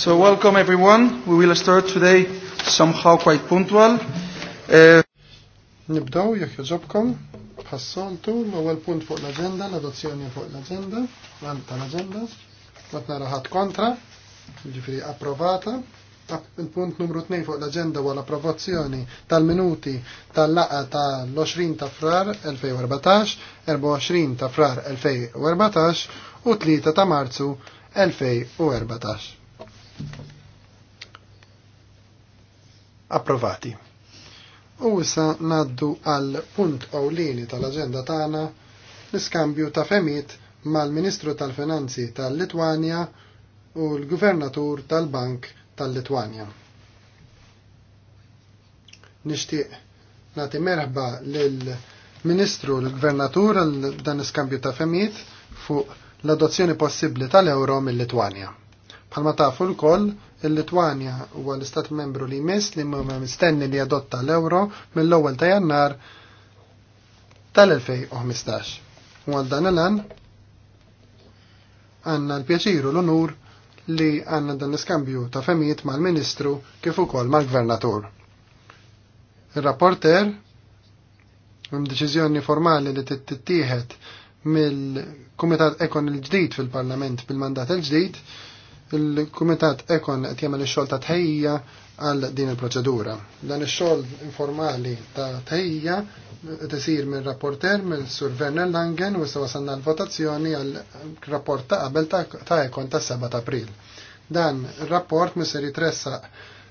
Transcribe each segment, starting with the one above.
So welcome everyone. We will start today somehow quite punctual. Uh, Nibdaw jekk jogħġobkom ħassoltu l-ewwel punt fuq l-aġenda, l-adozzjoni fuq l-aġenda, l-għand tal-aġenda, mat nara ħadd kontra, ġifieri approvata. Il-punt numru 2 fuq l-aġenda huwa l-approvazzjoni tal-minuti tal-laqa tal-20 ta' frar 2014, 24 ta' frar 2014 u 3 ta' marzu 2014. approvati. U issa naddu għal punt ewlieni tal-aġenda tagħna l-iskambju ta' femiet mal-Ministru tal-Finanzi tal-Litwanja u l-Gvernatur tal-Bank tal-Litwanja. Nixtieq nagħti merħba l Ministru l-Gvernatur għal dan iskambju ta' femit fuq l-adozzjoni possibbli tal-euro mill-Litwanja. Bħalma tafu l-koll Il-Litwanja huwa l-Istat membru li jmiss li ma mistenni li adotta l-euro mill-ewwel ta' jannar tal-2015. U għal dan l-an għanna l-pjaċiru l-onur li għanna dan l-iskambju ta' femijiet mal-Ministru kif ukoll mal-Gvernatur. Il-rapporter deċiżjoni formali li tittieħed mill-Kumitat Ekon il-ġdid fil-Parlament bil-mandat il-ġdid Il-Kumitat Ekon qed jagħmel ix-xogħol ta' tħejja għal din il-proċedura. Dan ix-xogħol informali ta' tħejja isir minn rapporter minn Sur Werner Langen u issa wasalna l-votazzjoni għal rapport ta' qabel ta' Ekon ta' 7 ta' April. Dan ir-rapport misser jitressa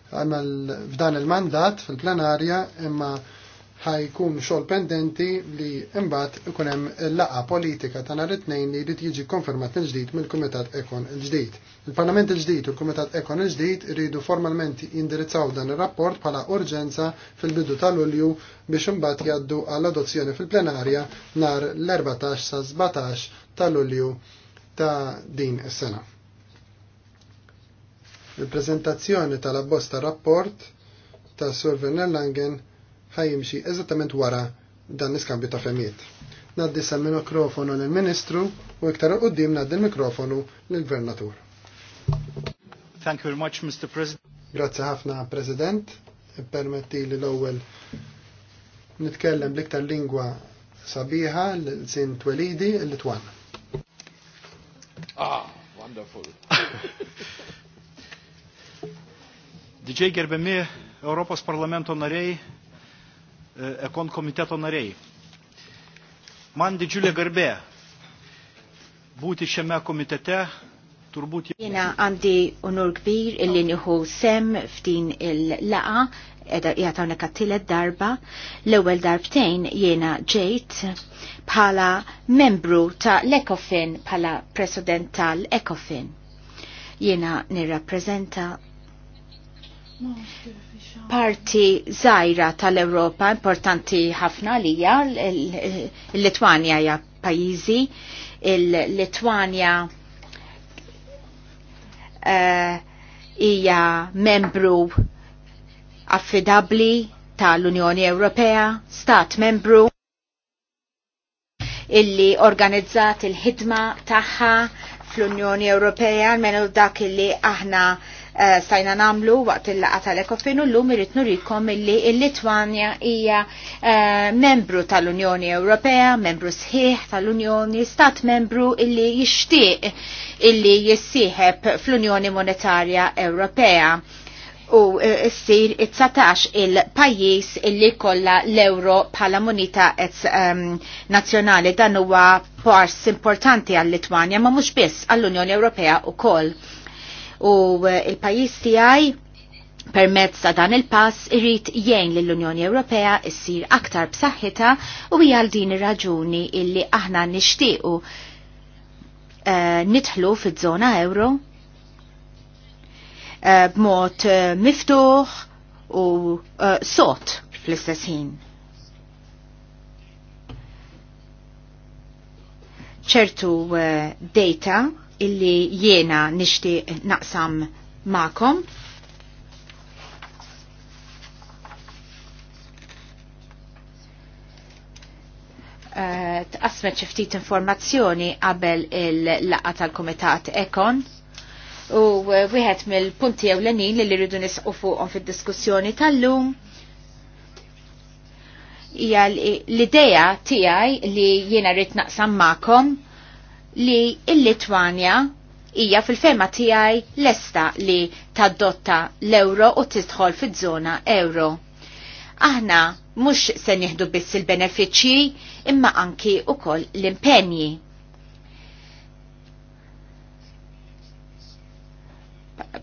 għamel f'dan il-mandat fil-plenarja imma ħajkun xogħol pendenti li imbat ikun hemm laqa politika ta' nhar it-tnejn li jrid jiġi konfermat il-ġdid mill-Kumitat Ekon il-ġdid. Il-Parlament il-ġdid u l-Kumitat Ekon il-ġdid iridu formalment indirizzaw dan ir-rapport bħala urġenza fil-bidu ta' Lulju biex imbagħad jgħaddu għall adozzjoni fil-plenarja nhar l-14 sa 17 ta' Lulju ta' din is-sena. Il-preżentazzjoni tal-abbosta rapport ta' Surven Langen ħajimxi eżattament wara dan l-iskambju ta' femijiet. Naddi sa' mikrofonu l-Ministru u iktar qoddim naddi l-mikrofonu l-Gvernatur. Thank you very much, Mr. President. Grazie ħafna, President. Permetti li l-ewwel nitkellem l-iktar lingwa sabiħa l-sin twelidi l-Litwan. Ah, wonderful. Dġej Gerbemi, Europos Parlamento narei ekon e komiteto nariai. E Man didžiulė garbė būti šiame komitete turbūt. Jena għandi unur kbir illi nieħu sem f'din il-laqa edha jgħatawna kattilet darba, l-ewel darbtejn jena ġejt bħala membru ta' l-Ekofin bħala president tal-Ekofin. Jena nirrapprezenta parti zaħira tal-Europa importanti ħafna lija, l-Litwanja ja pajizi, l-Litwanja eh, hija uh, membru affidabli tal-Unjoni Ewropea, stat membru illi organizzat il-ħidma tagħha fl-Unjoni Ewropea, menu dak illi aħna stajna eh, namlu waqt il-laqa tal ekofinu l-lum irrit nurikom illi il litwania hija eh, membru tal-Unjoni Ewropea, membru sħiħ tal-Unjoni, stat membru illi jixtieq illi jissiħeb fl-Unjoni Monetarja Ewropea u eh, s-sir it-19 il-pajis illi kolla l-euro bħala monita etz um, nazjonali dan huwa pars importanti għall litwania ma mhux biss għall-Unjoni Ewropea u koll u eh, il-pajis tiegħi Permezz ta' dan il-pass irrit jgħin l-Unjoni Ewropea issir aktar b'saħħitha u hija għal din ir-raġuni illi aħna nixtiequ eh, nidħlu fiż-żona euro eh, b'mod miftuħ u sot fl-istess ħin. ċertu data illi jiena nixtieq naqsam ma'kom. Eh, tqasmet xi ftit informazzjoni qabel il-laqgħa tal-Kumitat Ekon u eh, wieħed mill-punti ewlenin li rridu nisqu fuqhom fid-diskussjoni tal-lum hija l-idea tiegħi li jiena rrid naqsam magħkom li il litwania hija fil ferma tiegħi lesta li tadotta l-euro u tidħol fiż-żona euro. Aħna mhux se nieħdu biss il-benefiċċji imma anki wkoll l-impenji.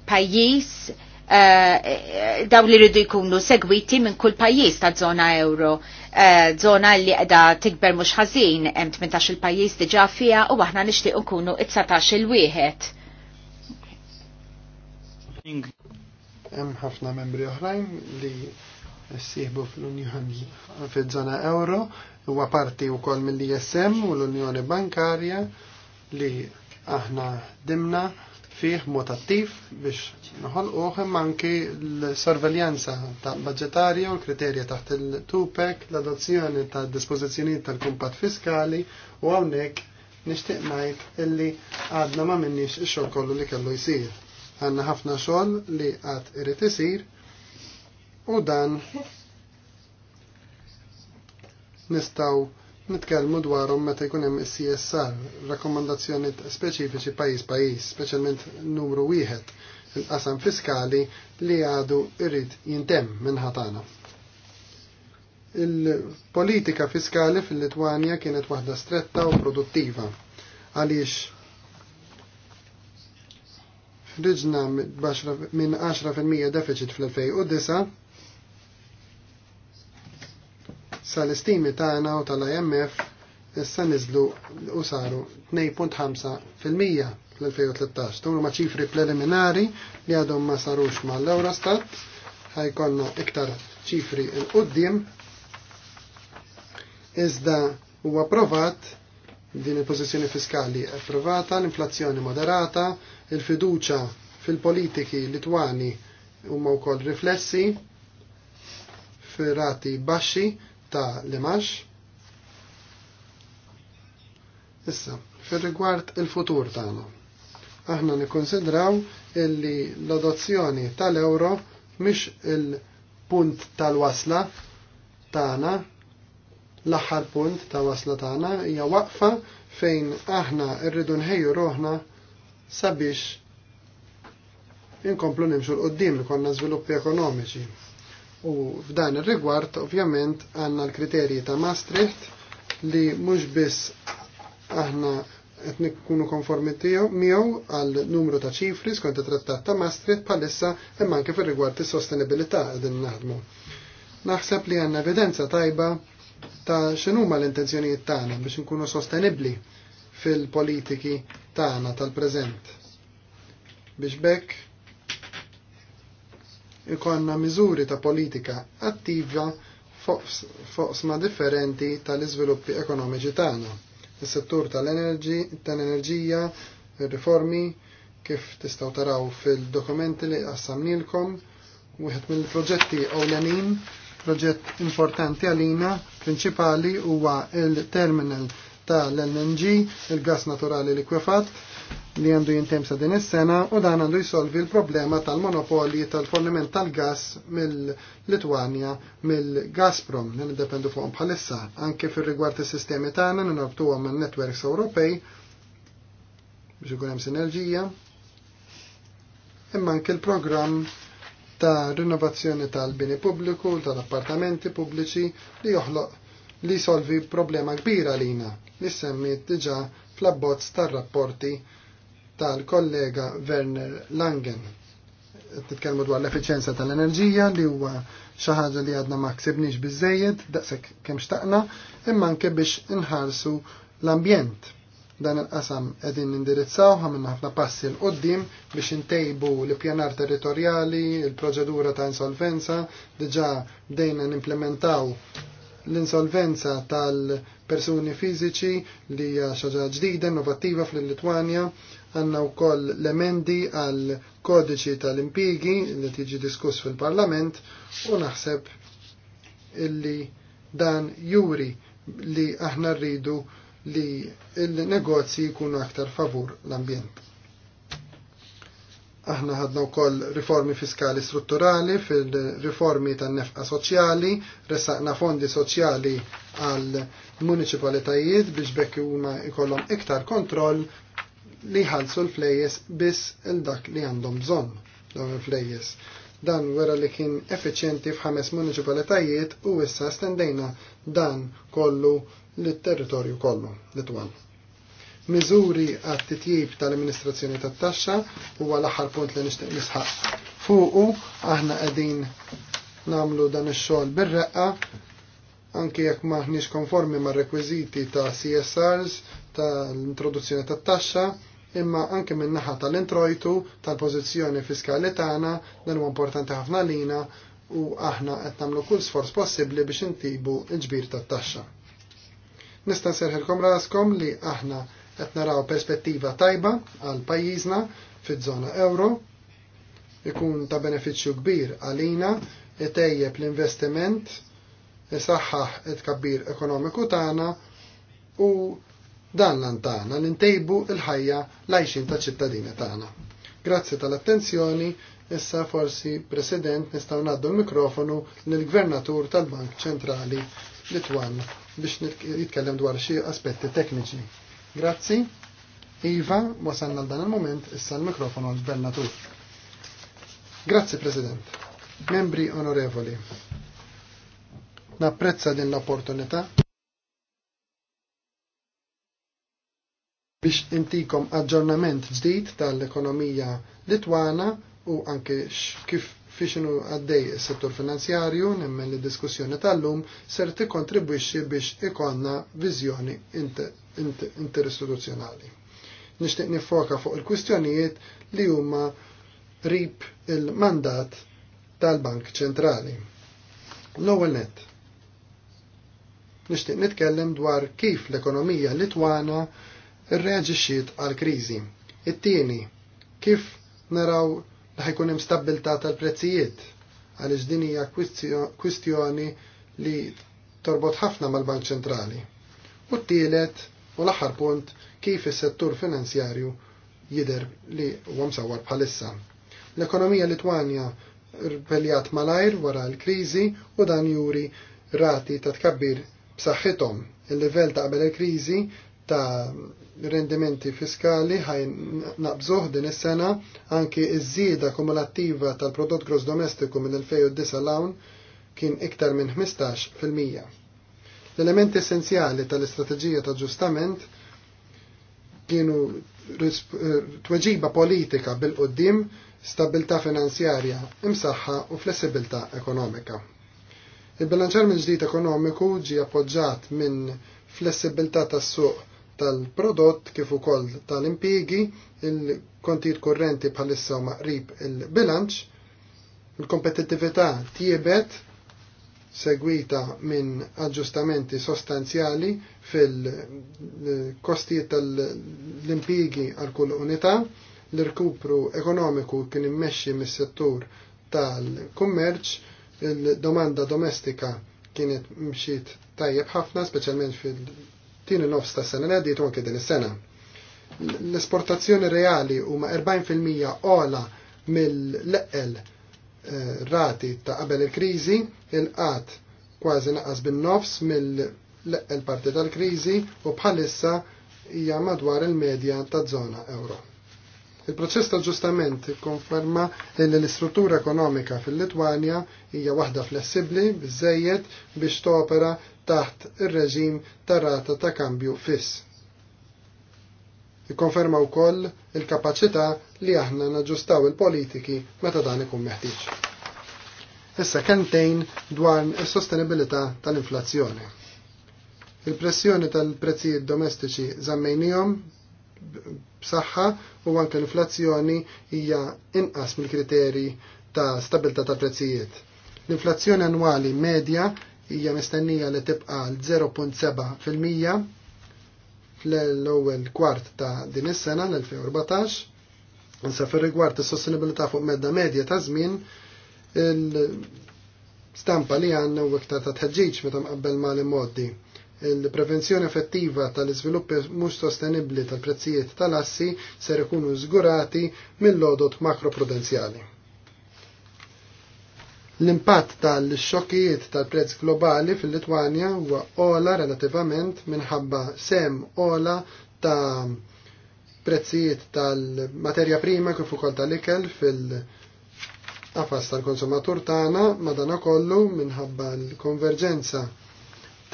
Pajjiż uh, eh, eh, daw li rridu jkunu segwiti minn kull pajjiż ta' żona euro Eh, zona li qiegħda tikber mhux ħażin hemm 18 il-pajjiż diġà fiha u aħna nixtieq nkunu 19 il-wieħed. Hemm ħafna membri oħrajn li ssieħbu fl-Unjoni fiż-żona euro huwa parti wkoll mill-ISM u l-Unjoni Bankarja li aħna dimna fih mod attiv biex noħolquh imma anki l-sorveljanza ta' budgetarja u l-kriterja taħt il-tupek, l-adozzjoni ta' dispożizzjonijiet tal-kumpat fiskali u hawnhekk nixtieq ngħid illi għadna ma minnix ix-xogħol kollu li kellu jsir. Għanna ħafna xogħol li għad irid isir u dan nistgħu nitkellmu dwarhom meta jkun hemm is-CSR, rakkomandazzjoni speċifiċi pajjiż pajjiż, speċjalment numru wieħed il qasam fiskali li għadu irrit jintem minn ħatana. Il-politika fiskali fil-Litwanja kienet waħda stretta u produttiva għaliex ħriġna minn 10% deficit fl-2009 sal-istimi tagħna u tal-IMF issa niżlu u saru 2.5% fl-2013. Tumru ma' ċifri preliminari li għadhom ma sarux ma' l-Eurostat, ħajkonna iktar ċifri l-qoddim, iżda huwa provat din il-pozizjoni fiskali approvata, l-inflazzjoni moderata, il-fiduċa fil-politiki Litwani huma wkoll riflessi fir-rati baxxi ta' limax. Issa, fir rigward il-futur tagħna aħna nikkonsidraw illi l-adozzjoni tal-euro mhix il-punt tal-wasla tagħna l-aħħar punt ta' wasla tagħna hija waqfa fejn aħna rridu nħejju roħna sabiex inkomplu nimxu l-qoddim li konna żviluppi ekonomiċi. U f'dan ir-rigward ovvjament għandna l-kriterji ta' Maastricht li mhux biss aħna qed nikunu konformi miegħu għal numru ta' ċifri skont it-Trattat ta' Maastricht bħalissa imma anke fir-rigward is-sostenibilità qegħdin naħdmu. Naħseb li għandna evidenza tajba ta' x'inhuma l-intenzjonijiet tagħna biex inkunu sostenibbli fil-politiki tagħna tal-preżent. Biex bekk ikonna miżuri ta' politika attiva foqsma differenti tal-iżviluppi ekonomiċi tagħna is-settur tal-enerġija, ir-riformi, kif tistgħu taraw fil-dokumenti li qassamnilkom, wieħed mill-proġetti ewlenin, proġett importanti għalina, prinċipali huwa il-terminal tal-LNG, il-gas naturali likwefat, li għandu jintemsa sa din is-sena u dan għandu jisolvi l-problema tal-monopoli tal-forniment tal-gas mill-Litwanja mill-Gazprom li nindependu fuqhom bħalissa anke fir-rigward is-sistemi tagħna ninabtuhom man-netwerks Ewropej biex ikun hemm sinerġija imma anke l-programm ta' rinnovazzjoni tal-bini pubbliku tal-appartamenti pubbliċi li joħloq li solvi problema kbira lina li semmi diġa fl-abbozz tar-rapporti tal-kollega Werner Langen. Titkellmu dwar l-efficienza tal-enerġija li huwa xi ħaġa li għadna ma ksibniex biżejjed daqshekk kemm xtaqna, imma anke biex inħarsu l-ambjent. Dan il-qasam qegħdin nindirizzaw ħamin ħafna passi l qoddim biex intejbu l-pjanar territorjali, il-proċedura ta' insolvenza, diġà bdejna nimplementaw l-insolvenza tal-persuni fiżiċi li hija xaġa ġdida innovattiva fl-Litwanja għanna u koll l-emendi għal kodiċi tal-impigi li tiġi diskuss fil-parlament u naħseb illi dan juri li aħna rridu li il-negozji jkunu aktar favur l-ambjent. Aħna ħadna wkoll riformi fiskali strutturali fil-riformi tan-nefqa soċjali, ressaqna fondi soċjali għal municipalitajiet biex bekk huma jkollhom iktar kontroll li ħalsu l-flejjes biss il-dak li għandhom bżonn dawn il-flejjes. Dan wera li kien effiċjenti f'ħames municipalitajiet u issa stendejna dan kollu lit territorju kollu, li twan miżuri għat titjib tal-amministrazzjoni tat-taxxa huwa l-aħħar punt li nixtieq nisħaq. Fuqu aħna qegħdin nagħmlu dan ix-xogħol bir-reqqa anke jekk maħniex konformi ma' rekwiżiti ta' CSRs tal-introduzzjoni tat-taxxa, imma anke minn naħa tal-introjtu tal-pożizzjoni fiskali tagħna dan huwa importanti ħafna lina u aħna qed nagħmlu kull sforz possibbli biex intibu l-ġbir tat-taxxa. Nista' nserħilkom raskom li aħna qed naraw perspettiva tajba għal pajjiżna fiż-żona euro ikun ta' benefiċċju kbir għalina itejjeb l-investiment isaħħaħ it-kabbir ekonomiku tagħna u dan tagħna l-intejbu l ħajja lajxin ta' ċittadini tagħna. Grazzi tal-attenzjoni, issa forsi President nistgħu ngħaddu l-mikrofonu lill-Gvernatur tal-Bank Ċentrali Litwan biex jitkellem dwar xi aspetti tekniċi. Grazzi. Iva, wasanna dan il-moment, issa l-mikrofonu għal tu. Grazzi, President. Membri onorevoli, napprezza din l-opportunità biex intikom aġġornament ġdid tal-ekonomija Litwana u anke kif fiexinu għaddej settur finanzjarju, nemmen li diskussjoni tal-lum, ser ti kontribwixi biex ikonna vizjoni interistituzjonali. Nishtiq nifoka fuq il-kwistjonijiet li huma rib il-mandat tal-Bank Ċentrali. L-ewwel net. Nixtieq nitkellem dwar kif l-ekonomija Litwana rreaġixxiet għal kriżi. It-tieni, kif naraw jkun hemm stabbiltà tal-prezzijiet għaliex din hija kwistjoni li torbot ħafna mal-Bank Ċentrali. U t-tielet u l-aħħar punt kif is-settur finanzjarju jider li huwa msawwar bħalissa. L-ekonomija Litwanja rbeljat malajr wara l-kriżi u dan juri rati ta' tkabbir b'saħħithom il-livell ta' qabel il-kriżi ta' rendimenti fiskali ħaj nabżuħ din is-sena anki iż-żieda kumulattiva tal-prodott gross domestiku minn 2009 l-hawn kien iktar minn 15%. L-elementi essenzjali tal-istrateġija ta' ġustament kienu eh, tweġiba politika bil-qoddim, stabilta finanzjarja imsaħħa u flessibilta ekonomika. Il-bilanċar mill ġdid ekonomiku ġi appoġġat minn flessibilta tas-suq tal-prodott kif ukoll tal-impigi, il-kontijiet kurrenti bħalissa u qrib il-bilanċ, il-kompetittività tiebet segwita minn aġġustamenti sostanzjali fil-kostijiet tal-impigi għal kull unità, l-irkupru ekonomiku kien immexxi mis-settur tal-kummerċ, il-domanda domestika kienet mxiet tajjeb ħafna, speċjalment fil- tieni nofs ta' sena li għaddiet u anke din is-sena. L-esportazzjoni reali huma 40% ola mill-leqel eh, rati ta' qabel il-kriżi, il-qat kważi naqas bin-nofs mill-leqel parti tal-kriżi u bħalissa hija madwar il-medja ta' zona euro. Il-proċess ta' ġustament konferma li l-istruttura ekonomika fil-Litwanja hija waħda flessibbli biżejjed biex topera taħt ir-reġim ta' rata ta' kambju fiss. Ikkonferma wkoll il-kapaċità li aħna naġġustaw il-politiki meta dan ikun meħtieġ. Issa kentejn dwar is-sostenibilità tal-inflazzjoni. Il-pressjoni tal-prezzijiet domestiċi żammejnihom b'saħħa u anke l-inflazzjoni hija inqas mill-kriterji ta' stabilità tal-prezzijiet. L-inflazzjoni annwali medja hija mistennija li tibqa l-0.7% fl-ewwel kwart ta' din is-sena l-2014. Insa fir-rigward is-sostenibilità fuq medda medja ta' żmien il-stampa li għandna u iktar ta' tħeġġiġ meta mqabbel ma' modi. immoddi Il-prevenzjoni effettiva tal-iżviluppi mhux sostenibbli tal-prezzijiet tal-assi ser ikunu żgurati mill-lodot makroprudenzjali. L-impatt tal-xokkijiet tal-prezz globali fil-Litwanja huwa ola relativament minħabba sem ola ta' prezzijiet tal-materja prima kif ukoll tal-ikel fil-qafas tal-konsumatur tagħna madanakollu minħabba l-konverġenza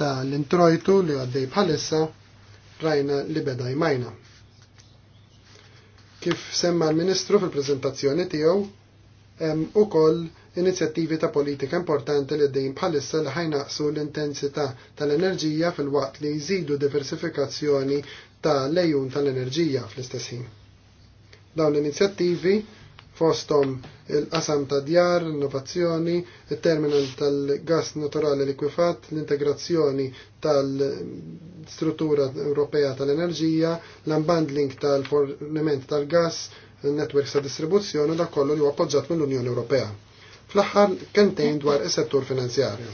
tal-introjtu li għaddej bħalissa rajna li beda jmajna. Kif semma l-Ministru fil-prezentazzjoni tiegħu hemm ukoll inizjattivi ta' politika importanti li d-dejn bħalissa li ħajnaqsu l-intensità tal-enerġija fil-waqt li jżidu diversifikazzjoni ta' lejun tal-enerġija fl-istess ħin. Dawn l-inizjattivi fostom il-qasam ta' djar, innovazzjoni, il-terminal tal-gas naturali likwifat, l-integrazzjoni tal-struttura Ewropea tal-enerġija, l-unbundling tal-forniment tal-gas, il-networks ta' distribuzzjoni, da' kollu li huwa appoġġat mill-Unjoni Ewropea. Fl-aħħar kentejn dwar is-settur finanzjarju.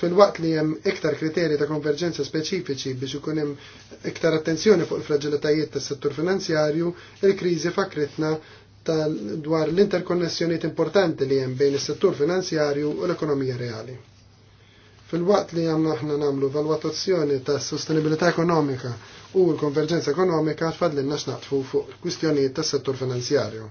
Fil-waqt li hemm iktar kriterji ta' konverġenza speċifiċi biex ikun hemm iktar attenzjoni fuq il-fragilitajiet tas-settur finanzjarju, il-kriżi fakritna dwar l-interkonnessjoniet importanti li hemm bejn is-settur finanzjarju u l-ekonomija reali. Fil-waqt li għamna ħna namlu valwatazzjoni ta' sostenibilità ekonomika u l-konverġenza ekonomika tfadlinna x'naqtfu fuq kwistjonijiet tas settur finanzjarju.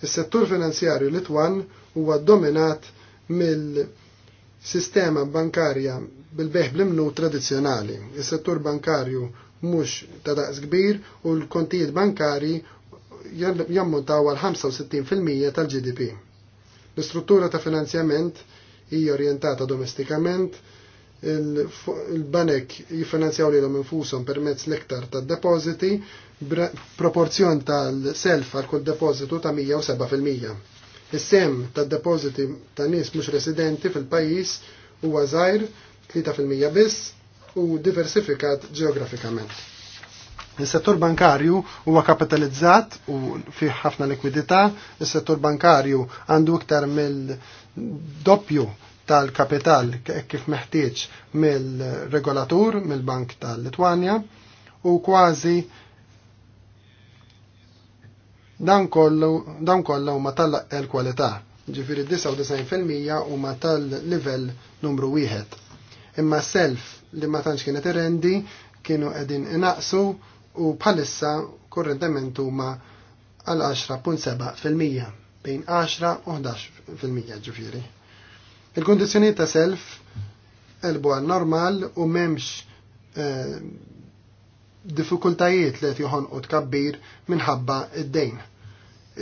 Is-settur finanzjarju Litwan huwa dominat mill-sistema bankarja bil-beħ bl-imnu tradizjonali. Is-settur bankarju mhux ta' daqs kbir u l-kontijiet bankari jammontaw għal 65% tal-GDP. L-istruttura ta' finanzjament hija orjentata domestikament, il-banek jifinanzjaw li l infusom permezz l-iktar ta' depositi, proporzjon tal-self għal kull depozitu ta' 107%. Is-sem tad depoziti ta' nies mhux residenti fil-pajjiż huwa żgħir 3% biss u diversifikat ġeografikament. Is-settur bankarju huwa kapitalizzat u fih ħafna likwidità, is-settur bankarju għandu iktar mill-doppju tal-kapital kif meħtieġ mill-regolatur mill-Bank tal-Litwanja u kważi Dan kollu huma tal l kwalità, ġifieri 99% huma tal-livell numru wieħed. Imma self li ma tantx kienet irrendi kienu qegħdin inaqsu u bħalissa korrentament huma għal 10.7% bejn 10 u 11% ġifiri. il kondizjoni ta' self elbu għal normal u memx eh, diffikultajiet li qed joħonqu tkabbir minħabba id-dejn.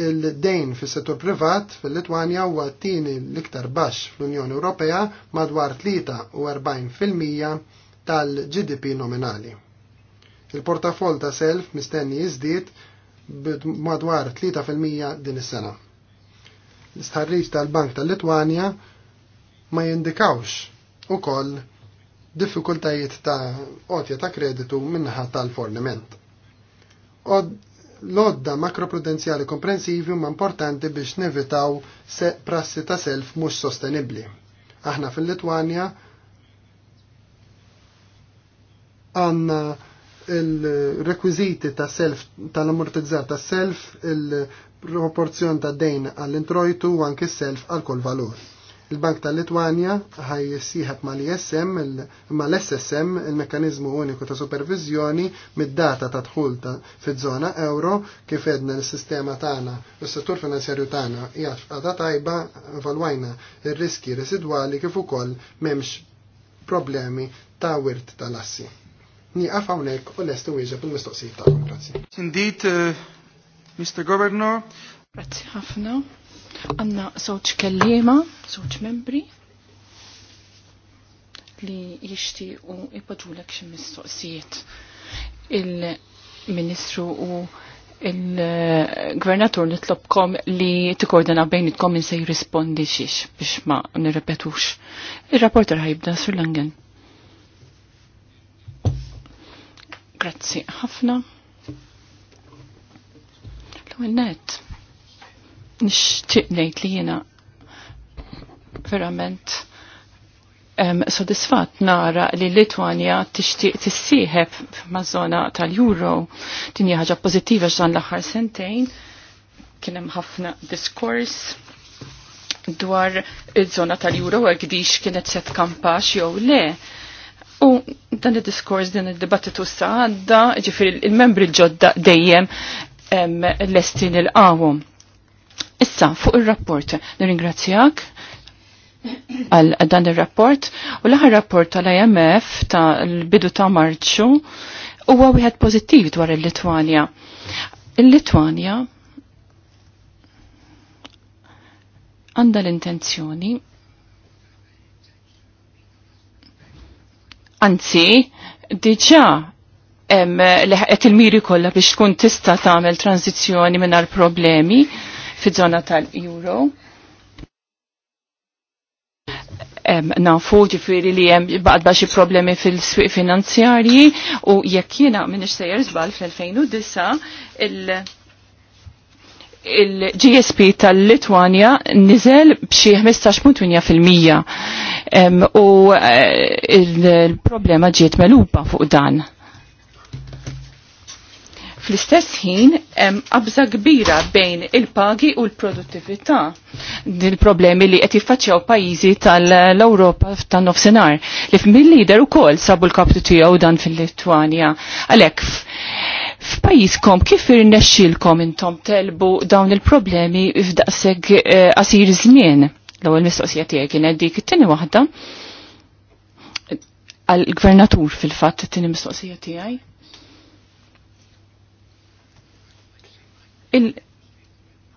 Il-dejn fis-settur privat fil-Litwanja huwa t-tieni l-iktar baxx fl-Unjoni Ewropea madwar 43% tal-GDP nominali. Il-portafol ta' self mistenni jiżdied madwar 3% din is-sena. L-istħarriġ tal-Bank tal-Litwanja ma jindikawx ukoll diffikultajiet ta' qotja ta' kreditu minnaħa tal-forniment. L-odda makroprudenzjali komprensivi ma' importanti biex nevitaw se prassi ta' self mux sostenibli. Aħna fil-Litwanja għanna il-rekwiziti ta' self, tal-ammortizzar ta' self, il-proporzjon ta' dejn għall-introjtu u anke self għal kol valur Il-Bank tal-Litwanja ħaj jissieħab ma l-ISM, ma l-SSM, il mekanizmu Uniku ta' Supervizjoni, mid-data ta' ta' fil-zona euro, kif edna l-sistema tagħna, is-settur finanzjarju tagħna hija għada tajba valwajna il riski residwali kif ukoll m'hemmx problemi ta' wirt tal-assi. Nieqaf hawnhekk u lest wieġeb il-mistoqsijiet ta' Grazie. Indeed, uh, Mr. Governor. Grazie, ħafna. Għanna soċ kellima, soċ membri li jishti u ipadulek xim mistoqsijiet. Il-ministru u il-gvernatur nitlobkom li tikordina bejnitkom min se jirrispondi xiex biex ma nirrepetux. Il-rapporter ħajibda sur Langen. Grazzi ħafna. L-għennet nixtieq ngħid li jiena verament sodisfatt nara li l-Litwania tixtieq tissieħeb maż-żona tal-Euro. Din ħaġa pożittiva x'dan l-aħħar sentejn kien hemm ħafna diskors dwar il żona tal-Euro hekk dix kienet se kampax jew le. U dan id-diskors din id-dibattitu sa għadda, ġifir il-membri l-ġodda dejjem l-estin il-qawum. Issa, fuq il-rapport, nir-ingrazzjak għal dan il-rapport, u l-aħħar rapport tal-IMF tal-bidu ta' Marċu huwa wieħed pożittiv dwar il-Litwanja. Il-Litwanja għandha l-intenzjoni anzi diġa' hemm il-miri kollha biex tkun tista' tagħmel tranzizzjoni mingħajr problemi fiż-żona tal-euro. Nafu ġifiri li jem baqda baxi problemi fil-swiq finanzjarji u jekk jena minix sejjer zbal fil 2009 il- gsp tal litwania nizel b'xi 15.8% u eh, il-problema ġiet meluba fuq dan Fl-istess ħin hemm qabża kbira bejn il-pagi u l-produttività. Din problemi li qed jiffaċċjaw pajjiżi tal-Ewropa tan-nofsinhar li mill-lider ukoll sabu l-kaptu tiegħu dan fil-Litwanja. Għalhekk f'pajjiżkom kif irnexxilkom intom telbu dawn il-problemi f'daqseg eh, qasir żmien? L-ewwel mistoqsija tiegħi kienet dik it-tieni waħda għal-gvernatur fil-fatt it-tieni mistoqsija tiegħi.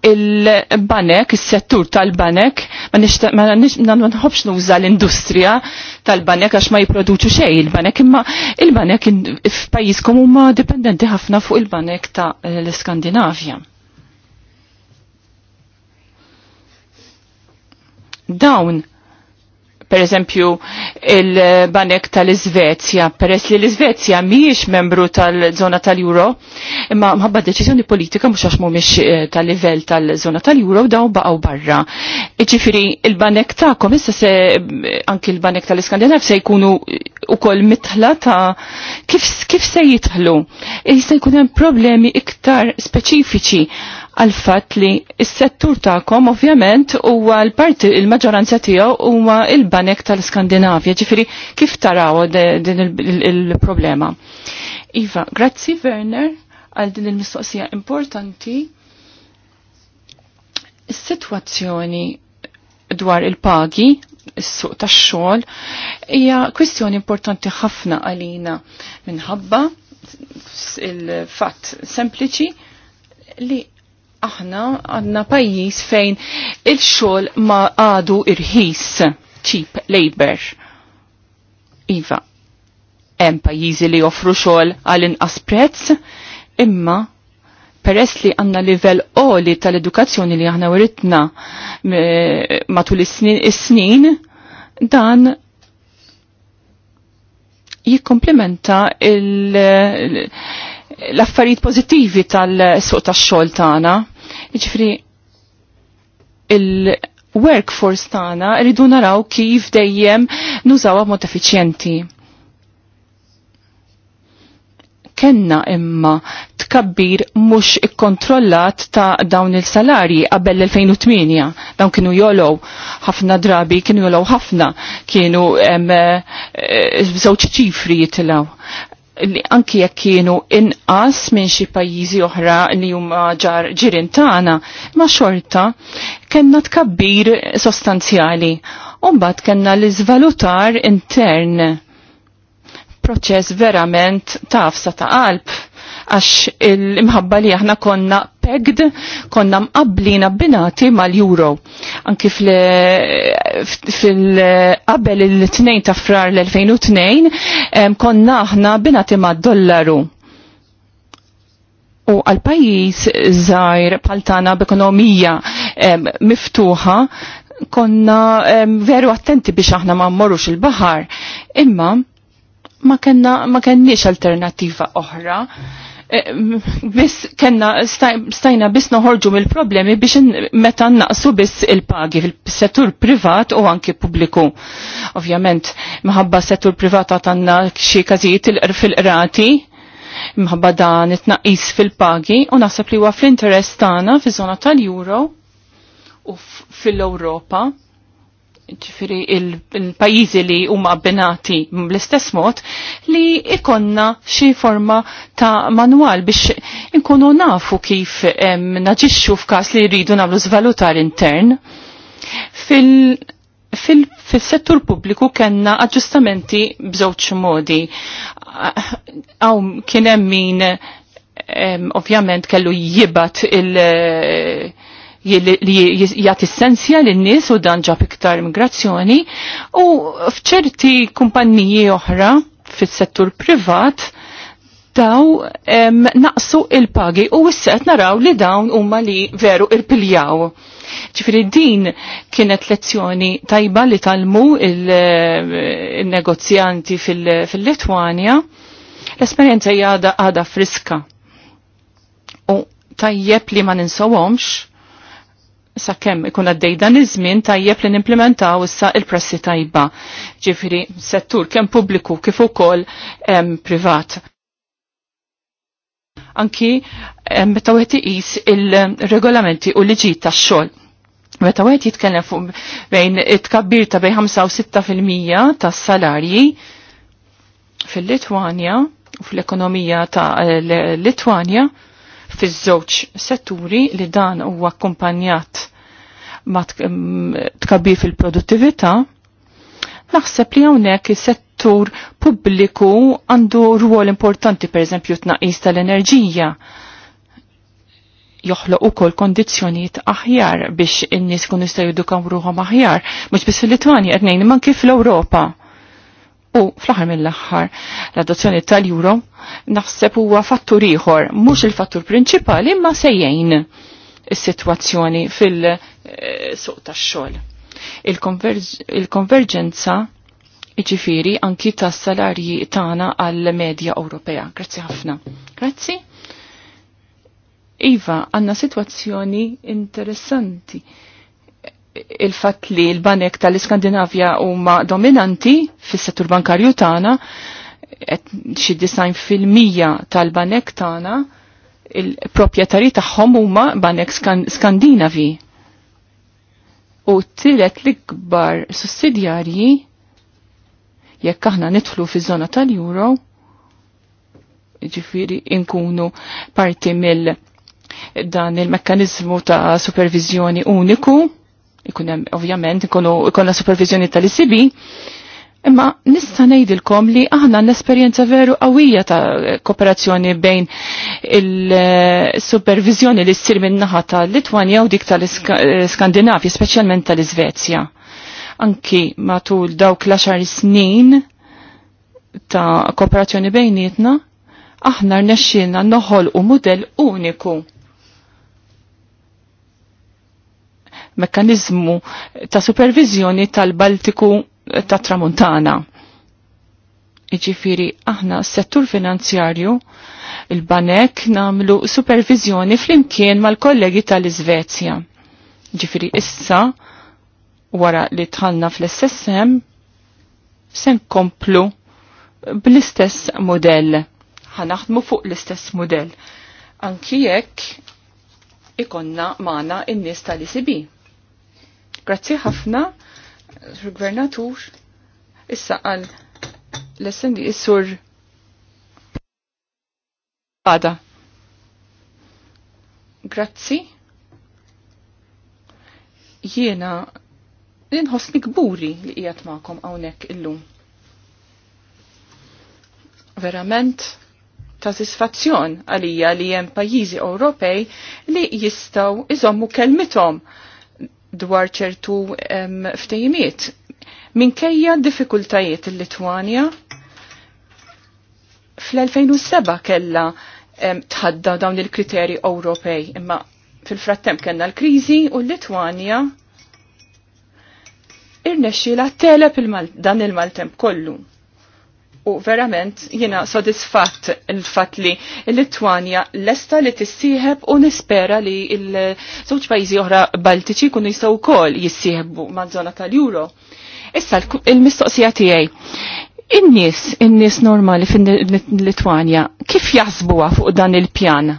il-banek, il-settur tal-banek, ma nħobx nuża l-industrija tal-banek għax ma jiproduċu xej il-banek, imma il-banek f'pajjiżkom huma dipendenti ħafna fuq il-banek ta' l-Skandinavja. Dawn per eżempju il-banek tal-Izvezja, peress li l-Izvezja miex membru tal-zona tal-Euro, imma mħabba deċizjoni politika mux għax mumiex eh, tal-livell tal-zona tal-Euro daw baqaw barra. Iġifiri il-banek ta' issa se eh, anki il-banek tal-Iskandinav se jkunu eh, u koll mitħla ta' kif, kif se jitħlu. Jista jkun hemm problemi iktar speċifiċi għal fatt li s-settur ta'kom ovvjament huwa l-parti il-maġġoranza tiegħu huwa il-banek tal-Skandinavja, ġifieri kif taraw din il-problema. Iva, grazzi Werner għal din il-mistoqsija importanti. Is-sitwazzjoni dwar il-pagi, is-suq tax-xogħol, hija kwistjoni importanti ħafna għalina minħabba il-fatt sempliċi li aħna għanna pajjiż fejn il-xogħol ma għadu irħis cheap labor. Iva, hemm pajjiżi li joffru xogħol għal inqas prezz, imma peress li għandna livell oli tal-edukazzjoni li aħna writna eh, matul is-snin, is-snin, dan jikkomplementa il- l-affarijiet pozittivi tal-suq tax-xogħol tagħna. Jiġifieri il-workforce tagħna rridu naraw kif dejjem nużawha mod effiċjenti. Kenna imma tkabbir mhux ikkontrollat ta' dawn il-salari qabel l-2008. Dawn kienu jolow ħafna drabi, kienu jolow ħafna, kienu eh, eh, żewġ ċifri jitilgħu li anki jekk kienu inqas minn xi pajjiżi oħra li huma ġar ġirin tagħna, ma xorta kellna tkabbir sostanzjali. u mbagħad kellna l-iżvalutar intern proċess verament tafsa ta' qalb għax il-imħabba li aħna konna pegged, konna mqablina binati mal-euro. Anki fil-qabel il-2 ta' frar l-2002 konna aħna binati mad-dollaru. U għal pajjiż zaħir paltana b'ekonomija miftuħa konna veru attenti biex aħna ma mmorrux il-baħar. Imma ma kenna ma kenniex alternativa oħra Eh, biss kena stajna biss noħorġu mill-problemi biex meta naqsu biss il-pagi fil-settur privat u anki pubbliku. Ovvjament, maħabba settur privat għatanna xie kazijiet fil-qrati, mħabba dan it-naqis fil-pagi u naħseb li huwa fl-interess tagħna fiż-żona tal-Euro u fil-Ewropa ċifiri il-pajizi li huma abbinati bl-istess mod li ikonna xi forma ta' manwal biex inkunu nafu kif naġixxu f'każ li jridu nagħmlu żvalutar intern. Fil-settur pubbliku kellna aġġustamenti b'żewġ modi. Aw kien hemm min ovvjament kellu jibat il- li jgħat essenzja l nies u dan ġab iktar migrazzjoni u fċerti kumpanniji oħra fil-settur privat daw em, naqsu il-pagi u wisset naraw li dawn umma li veru irpiljaw. Ġifiri din kienet lezzjoni tajba li talmu eh, il-negozjanti il fil-Litwania. Fil L-esperienza jgħada għada friska. U tajjeb li ma ninsawomx sa ikun għaddej dan iż-żmien tajjeb li nimplementaw issa il-prassi tajba. Ġifieri settur kemm pubbliku kif ukoll privat. Anki meta wieħed iqis il-regolamenti u liġi tax-xogħol. Meta wieħed jitkellem fuq bejn it-tkabbir ta' bejn 5 u tas-salarji fil-Litwanja u fl-ekonomija ta' Litwanja, fiż-żewġ setturi li dan huwa akkumpanjat ma tkabir fil-produttività, naħseb li hawnhekk is-settur pubbliku għandu rwol importanti pereżempju tnaqis tal-enerġija joħloq ukoll kondizzjonijiet aħjar biex in-nies kunu jistgħu jidukaw ruhom aħjar, mhux biss fil-Litwanja qed ngħin imma kif l-Ewropa U fl-aħħar mill-aħħar l-adozzjoni tal juro naħseb huwa fattur ieħor, mhux il-fattur prinċipali imma sejjejn is-sitwazzjoni fil-suq tax-xogħol. Il-konverġenza iġifiri anki ta' salarji tagħna għall medja Ewropea. Grazzi ħafna. Grazzi. Iva, għanna situazzjoni interessanti il-fatt li l-banek tal-Iskandinavja huma dominanti fis-settur bankarju tagħna xi design fil-mija tal-banek tagħna il proprjetarji tagħhom huma banek Skandinavi. U t-tielet l-ikbar sussidjarji jekk aħna nidħlu fiż-żona tal-Euro, ġifiri inkunu parti mill dan il-mekkanizmu ta' supervizjoni uniku ikunem ovvjament ikunu ikonna supervizjoni tal-ICB, imma nista' ngħidilkom li aħna n-esperjenza veru qawwija ta' kooperazzjoni bejn il-supervizjoni li ssir min-naħa tal-Litwanja u dik tal-Skandinavja, eh, speċjalment tal-Iżvezja. Anki matul dawk l-10 snin ta' kooperazzjoni bejnietna, aħna rnexxina noħol u model uniku mekkanizmu ta' supervizjoni tal-Baltiku ta' Tramuntana. Iġifiri, aħna settur finanzjarju, il-banek namlu supervizjoni fl-imkien mal-kollegi tal-Izvezja. Ġifiri, issa, wara li tħalna fl-SSM, sen komplu bl-istess modell. Ħanaħdmu fuq l-istess modell. Anki jekk ikonna maħna in-nies tal-ICB Grazzi ħafna, sur gvernatur, issa għal l-essendi, issur għada. Grazzi. Jiena ninħossni gburi li qiegħed maqom hawnhekk illum. Verament ta' sisfazzjon għalija li hemm pajjiżi Ewropej li jistgħu iżommu kelmithom dwar ċertu ftejimiet. kejja diffikultajiet il litwania fl-2007 kella tħadda dawn il-kriteri Ewropej, imma fil-frattemp kena l-krizi u l litwania irnexxi la telep dan il-Maltemp kollu u verament jina sodisfatt il-fat li l-Litwanja lesta li tissieħeb u nispera li l-żewġ pajjiżi oħra Baltiċi kunu jistgħu wkoll jissieħbu maż-żona tal juro Issa l mistoqsija tiegħi. In-nies, in-nies normali fin litwania kif jaħsbuha fuq dan il-pjan?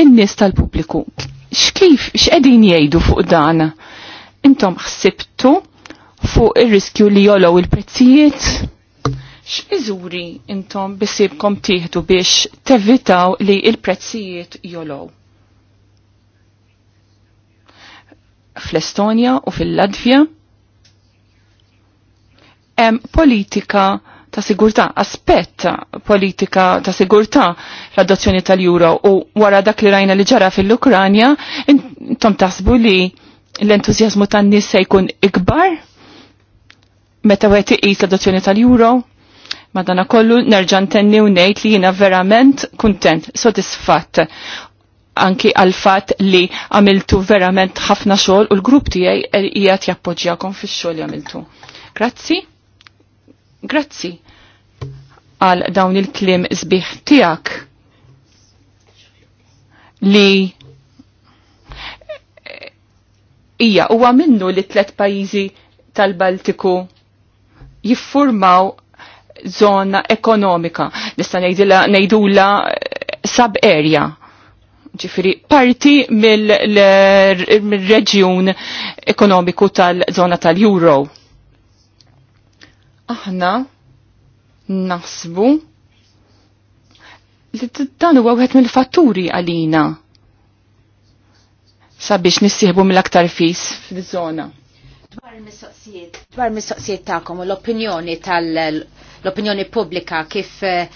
In-nies tal-pubbliku, x'kif x'qegħdin jgħidu fuq dan? Intom ħsibtu fuq ir-riskju li jolow il-prezzijiet? X'iżuri intom bisibkom tieħdu biex tevitaw li il-prezzijiet jolow? Fl-Estonja u fil-Latvja hemm politika ta' sigurtà, aspett politika ta' sigurtà l-adozzjoni tal-Euro u wara dak li rajna li ġara fil-Ukranja, intom taħsbu li l-entużjażmu tan-nies se jkun ikbar? meta għet iqis l-adozzjoni tal-euro, madana kollu nerġa' ntenni u ngħid li jiena verament kuntent, sodisfatt anki għal fatt li għamiltu verament ħafna xogħol u l-grupp tiegħi jgħat jappoġġjakom fix xol għamiltu. Grazzi. Grazzi għal dawn il-klim sbieħ tiegħek li ija huwa minnu li tlet pajjiżi tal-Baltiku jiffurmaw zona ekonomika. Nista' ngħidula eh, sub-area ġifiri parti mill-reġjun ekonomiku tal-zona tal-Euro. Aħna nasbu li dan huwa wieħed mill-fatturi għalina sabiex nissieħbu mill-aktar fis fil-żona. Dwar mis-soqsijiet. Dwar mis-soqsijiet ta'kom u l-opinjoni tal-opinjoni pubblika kif eh,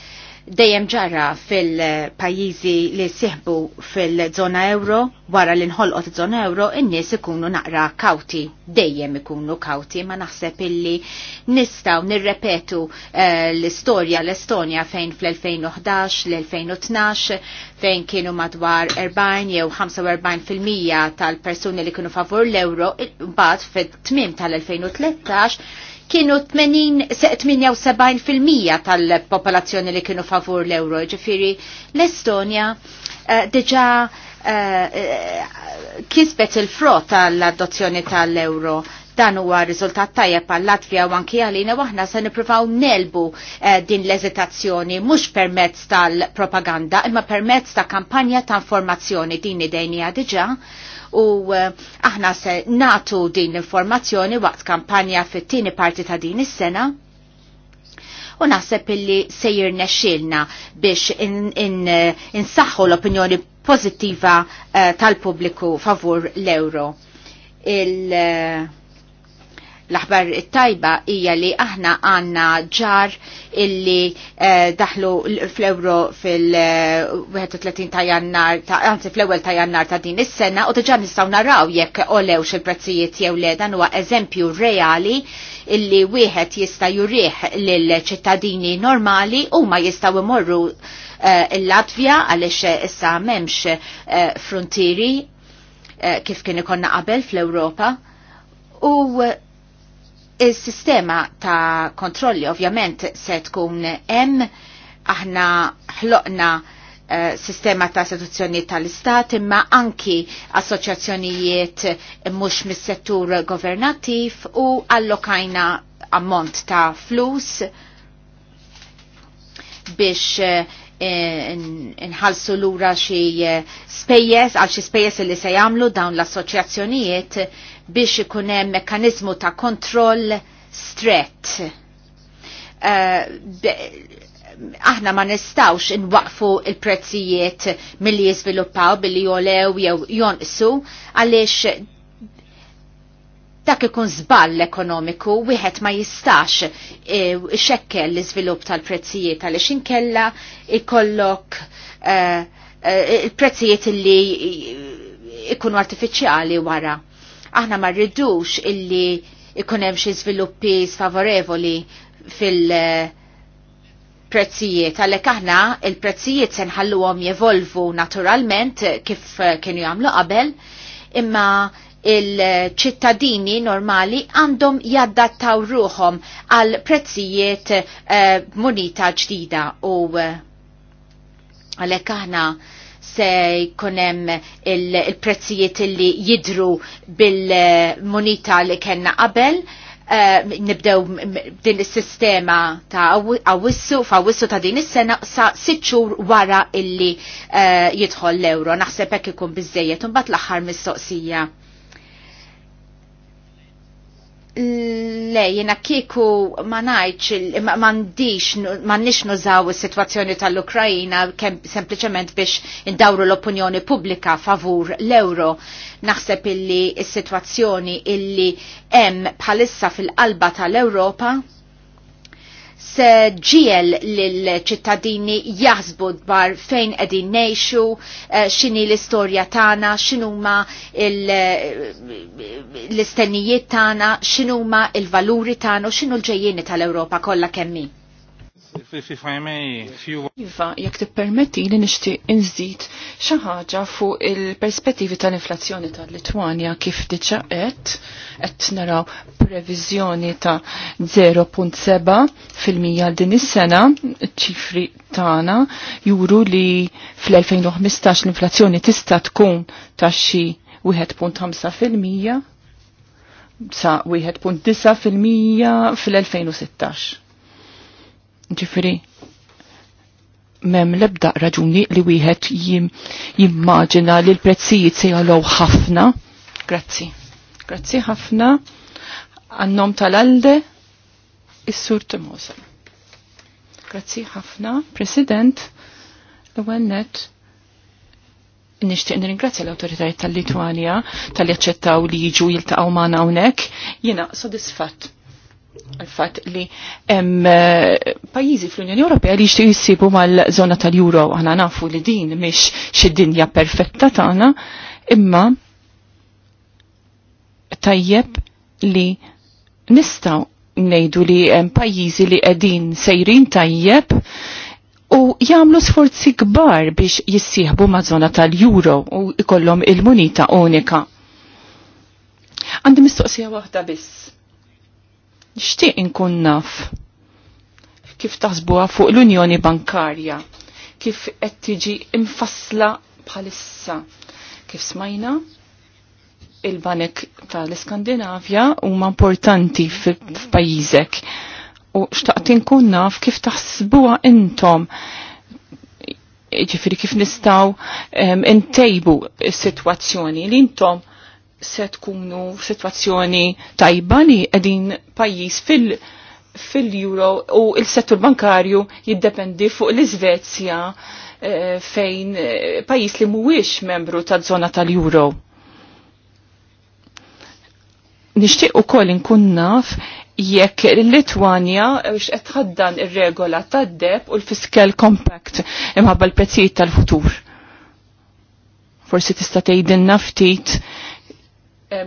dejjem ġara fil-pajjiżi li siħbu fil-żona euro, wara li nħolqot żona euro, in-nies ikunu naqra kauti, dejjem ikunu kauti, ma naħseb illi nistaw nirrepetu eh, l-istorja l-Estonja fejn fl-2011, l-2012, fejn kienu madwar 40 jew 45% tal-persuni li kienu favur l-euro, bat fit-tmim tal-2013 kienu 78% tal-popolazzjoni li kienu favur l-euro, ġifiri l-Estonja uh, eh, deġa uh, eh, kisbet il frot tal-adozzjoni tal-euro dan huwa riżultat tajjeb għal Latvja u anki għalina waħna se nippruvaw nelbu eh, din l-eżitazzjoni mhux permezz tal-propaganda imma permezz ta' kampanja ta' informazzjoni din idejnija diġa u eh, aħna se natu din l-informazzjoni waqt kampanja fit-tieni parti ta' din is-sena u naħseb illi sejjer nexxilna biex insaħħu in, in eh, l-opinjoni pozittiva uh, eh, tal-pubbliku favur l-euro. Il, uh, L-aħbar tajba hija li aħna għanna ġar illi eh, daħlu fl-euro fil-31 ta' jannar, anzi fl-ewel ta' jannar ta' din is-sena u diġà nistgħu naraw jekk olew il-prezzijiet jew le dan huwa eżempju reali illi wieħed jista' jurieħ lil ċittadini normali u ma jistgħu imorru eh, l latvja għaliex issa m'hemmx eh, frontieri kif kien ikonna qabel fl-Ewropa u Il-sistema ta' kontrolli ovvjament se tkun hemm aħna ħloqna eh, sistema ta' istituzzjoni tal-istat imma anki assoċjazzjonijiet mhux mis-settur governattiv u allokajna ammont ta' flus biex eh, inħalsu lura xi spejjeż għal xi spejjeż li se jagħmlu dawn l-assoċjazzjonijiet biex ikun hemm mekkaniżmu ta' kontroll strett. Eh, aħna ma nistawx inwaqfu il-prezzijiet milli jiżviluppaw billi jolew jew jonqsu għaliex dak ikun żball ekonomiku wieħed ma jistax eh, xekkel l-iżvilupp tal-prezzijiet għaliex inkella ikollok eh, il-prezzijiet li ikunu artifiċjali wara. Aħna ma rridux illi ikun hemm xi żviluppi sfavorevoli fil- prezzijiet, għalek aħna il-prezzijiet nħalluhom jevolvu naturalment kif kienu jagħmlu qabel, imma il-ċittadini normali għandhom jaddattaw ruħom għal prezzijiet uh, munita ġdida u eh, għalek uh, aħna se jkunem il-prezzijiet il li jidru bil-monita li kena qabel. Uh, nibdew din is-sistema ta' awissu f'awissu ta' din is-sena sa' sitt xhur wara illi uh, jidħol l-euro. Naħseb hekk ikun biżejjed imbagħad l-aħħar mistoqsija. Le, jena kieku ma najċ, ma nix nużaw il-situazzjoni tal-Ukrajina sempliciment biex indawru l-opinjoni publika favur l-euro. Naħseb illi il-situazzjoni illi em bħalissa fil-qalba tal-Europa se ġiel lill-ċittadini jaħsbu dbar fejn qegħdin neħxu, eh, x'inhi l-istorja tagħna, x'inhuma l-istennijiet tagħna, x'inhuma l-valuri tagħna u x'inhu l ġejjini tal-Ewropa kollha kemm Iva, ti permetti li nishti inżid xi ħaġa fuq il-perspettivi tal-inflazzjoni tal litwania kif diġà qed qed naraw previżjoni ta' 0.7 fil-mija din is-sena, ċifri tagħna juru li fl-2015 l-inflazzjoni tista' tkun ta' xi 1.5 fil-mija sa 1.9 fil-mija fil-2016 Ġifiri, mem lebda raġuni li wieħed jimmaġina li l-prezzijiet se jgħalaw ħafna. Grazzi. Grazzi ħafna. Għannom tal-alde, is-sur Timosa. Grazzi ħafna, President, l-ewwel net nishtiq nirringrazzja l awtoritajiet tal-Litwanja tal-li aċċettaw li jiġu jiltaqgħu magħna hawnhekk, jiena sodisfatt il-fat li hemm eh, pajjiżi fl-Unjoni Ewropea li jixtiequ jsibu mal-żona tal-Euro aħna nafu li din mhix xi dinja perfetta tagħna, imma tajjeb li nistgħu ngħidu li hemm pajjiżi li qegħdin sejrin tajjeb u jagħmlu sforzi kbar biex jissieħbu maż-żona tal-Euro u ikollom il-munita unika. Għandi mistoqsija waħda biss nishtiq inkun naf kif taħsbuha fuq l-Unjoni Bankarja, kif qed tiġi imfassla bħalissa. Kif smajna, il-banek tal-Iskandinavja huma importanti f'pajjiżek. U xtaqt inkun naf kif taħsbuha intom ġifiri kif nistaw intejbu s situazzjoni li intom se tkunu situazzjoni tajba li edin pajis fil- fil-euro u il-settur bankarju jiddependi fuq l iżvezja eh, fejn eh, pajis li mhuwiex membru ta' zona tal-euro. Nixtieq ukoll inkun naf jekk l-Litwanja qed tħaddan ir-regola tad-deb u l fiskal Compact imħabba l-prezzijiet tal-futur. Forsi tista' tgħidilna ftit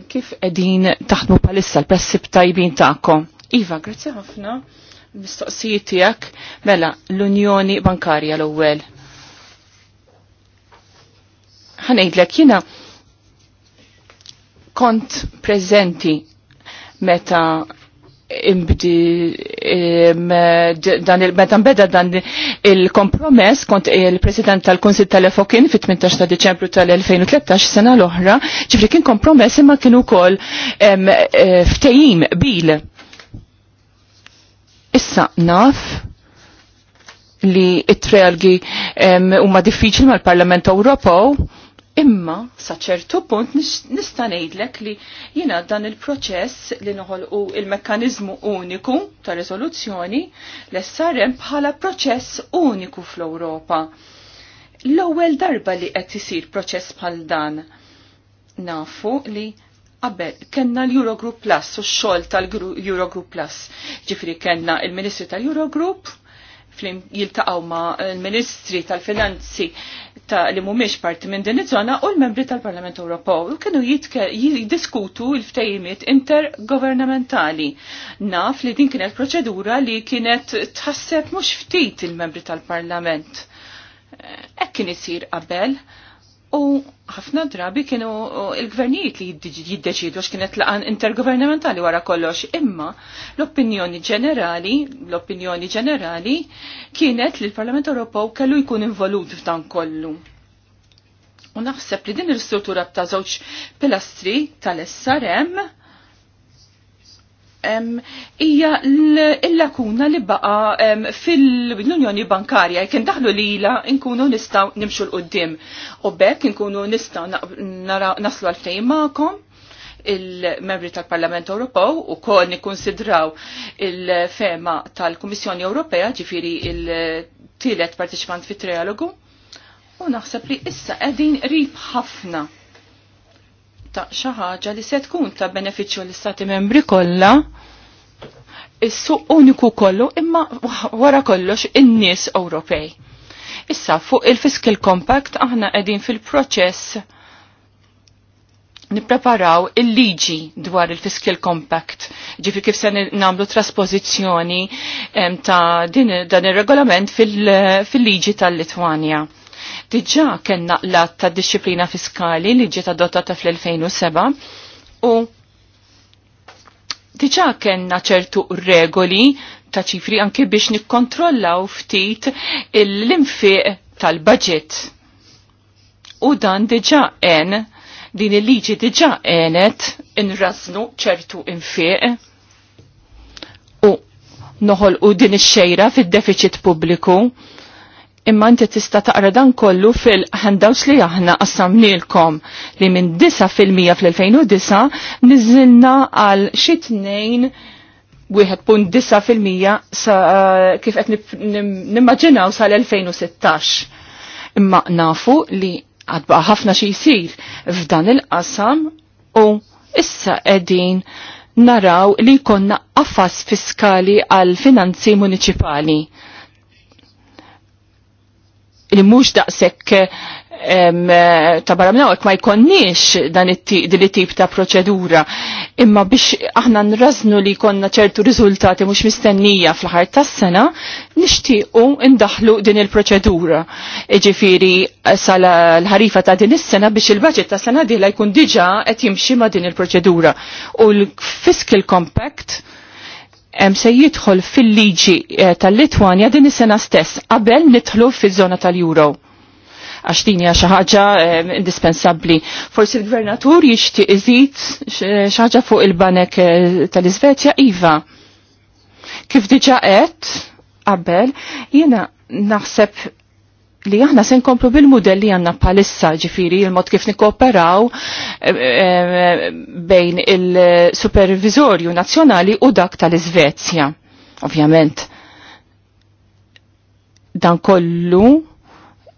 kif edin taħdmu palissa l-pressib tajbin taqom. Iva, grazzi ħafna mistoqsijiet tiegħek mela l-Unjoni Bankarja l-ewwel. Ħanejdlek jiena kont preżenti meta imbdi dan il meta beda dan il-kompromess kont il-President tal-Kunsil tal-Efokin fit-18 ta' Deċembru tal-2013 sena l-oħra, ġifri kien kompromess imma kien ukoll e, ftejim bil. Issa naf li it trealgi huma diffiċli mal-Parlament Ewropew Imma sa ċertu punt nista' ngħidlek li jiena dan il-proċess li noħolqu il-mekkaniżmu uniku ta' riżoluzzjoni l sarem bħala proċess uniku fl-Ewropa. L-ewwel darba li qed isir proċess bħal dan. Nafu li qabel kenna l-Eurogroup Plus u x-xogħol tal-Eurogroup Plus. Ġifri kenna il-Ministri tal-Eurogroup jiltaqgħu ma' l-Ministri tal-Finanzi ta' li mhumiex parti minn din iż-żona u l-membri tal-Parlament Ewropew u kienu jiddiskutu l-ftejimiet intergovernamentali. Naf li din kienet proċedura li kienet tħasseb mhux ftit il-membri tal-Parlament. Eh, hekk kien isir qabel U ħafna drabi kienu il-gvernijiet li jiddeċidu għax kienet laqan intergovernamentali wara kollox, imma l-opinjoni ġenerali, l-opinjoni ġenerali kienet li l-Parlament Ewropew kellu jkun involut f'dan kollu. U naħseb li din il-struttura ta' żewġ pilastri tal-SRM hija l-lakuna li baqa fil-Unjoni Bankarja jkun daħlu lila nkunu nistgħu nimxu l qoddim u bekk nkunu nistgħu naslu għal maqom il-membri tal-Parlament Ewropew u kol nikkonsidraw il-fema tal-Kummissjoni Ewropea ġifiri il-tielet partiċipant fit-trialogu u naħseb li issa qegħdin rib ħafna ta' xi ħaġa li se tkun ta' beneficju l-istati membri kollha is-suq uniku kollu imma wara kollox in-nies Ewropej. Issa fuq il-Fiscal Compact aħna qegħdin fil-proċess nippreparaw il-liġi dwar il-Fiscal Compact, ġifi kif se namlu trasposizjoni ta' din, dan il-regolament fil-liġi fil liġi tal litwania Diġa kena att ta' disċiplina fiskali li ġiet adottata fl-2007 u diġa kena ċertu regoli ta' ċifri anki biex nikkontrollaw ftit l-infiq tal-budget. U dan diġa en din il-liġi diġa għenet inrasnu ċertu infiq u noħol u din ix-xejra fid-deficit pubbliku imma inti tista taqra dan kollu fil-handouts li aħna qassamnilkom li minn 9 fil 100 fl-2009 niżilna għal xi tnejn 1.9 fil-mija eh, kif qed nimmaġinaw sal-2016. Imma nafu li għadba ħafna xi jsir f'dan il-qasam u issa qegħdin naraw li konna qafas fiskali għal finanzi municipali li mhux daqshekk ta' barra minna ma jkonniex dan il it-tip ta' proċedura. Imma biex aħna nraznu li konna ċertu riżultati mhux mistennija fl-ħar tas-sena, nixtiequ ndaħlu din il-proċedura. Iġifiri sal l-ħarifa ta' din is-sena biex il budget ta' sena diħla jkun diġà qed jimxi ma' din il-proċedura. U l-Fiscal Compact se jidħol fil-liġi eh, tal-Litwanja din is-sena stess qabel nidħlu fiż-żona tal-Euro għax din hija xi ħaġa indispensabbli. Forsi l-gvernatur jixtieq iżid eh, xi ħaġa fuq il-banek eh, tal-Iżvezja iva. Kif diġa qed qabel jiena naħseb li aħna se nkomplu bil-modell li għanna palissa ġifiri il-mod kif nikkooperaw e, e, bejn il-supervizorju nazzjonali u dak tal-Iżvezja. Ovvjament, dan kollu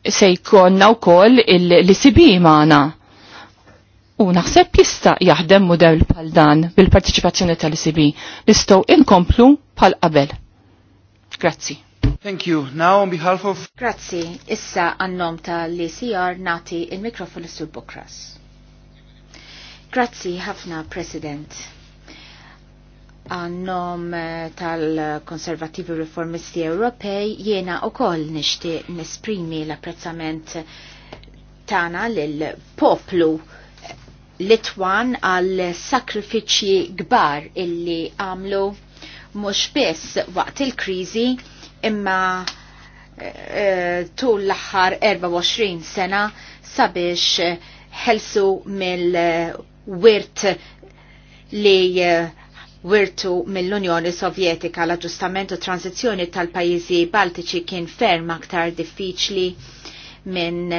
se jkonna u koll l-ICB maħna. U naħseb jista jaħdem model pal dan bil-partiċipazzjoni tal-ICB. Nistgħu inkomplu pal qabel. Grazzi. Thank you. Now on behalf of... Grazzi. Issa annom ta' li cr nati il mikrofonu su Bokras. Grazzi ħafna, President. Annom eh, tal-Konservativi Reformisti Ewropej jiena u koll nishti nesprimi l-apprezzament tana l-poplu Litwan għal sakrifiċi gbar illi għamlu mux biss waqt il-krizi imma eh, tul l-aħħar 24 sena sabiex eh, ħelsu mill-wirt eh, li wirtu mill-Unjoni Sovjetika l-aġġustament u tranzizjoni tal-pajjiżi Baltiċi kien ferm aktar diffiċli minn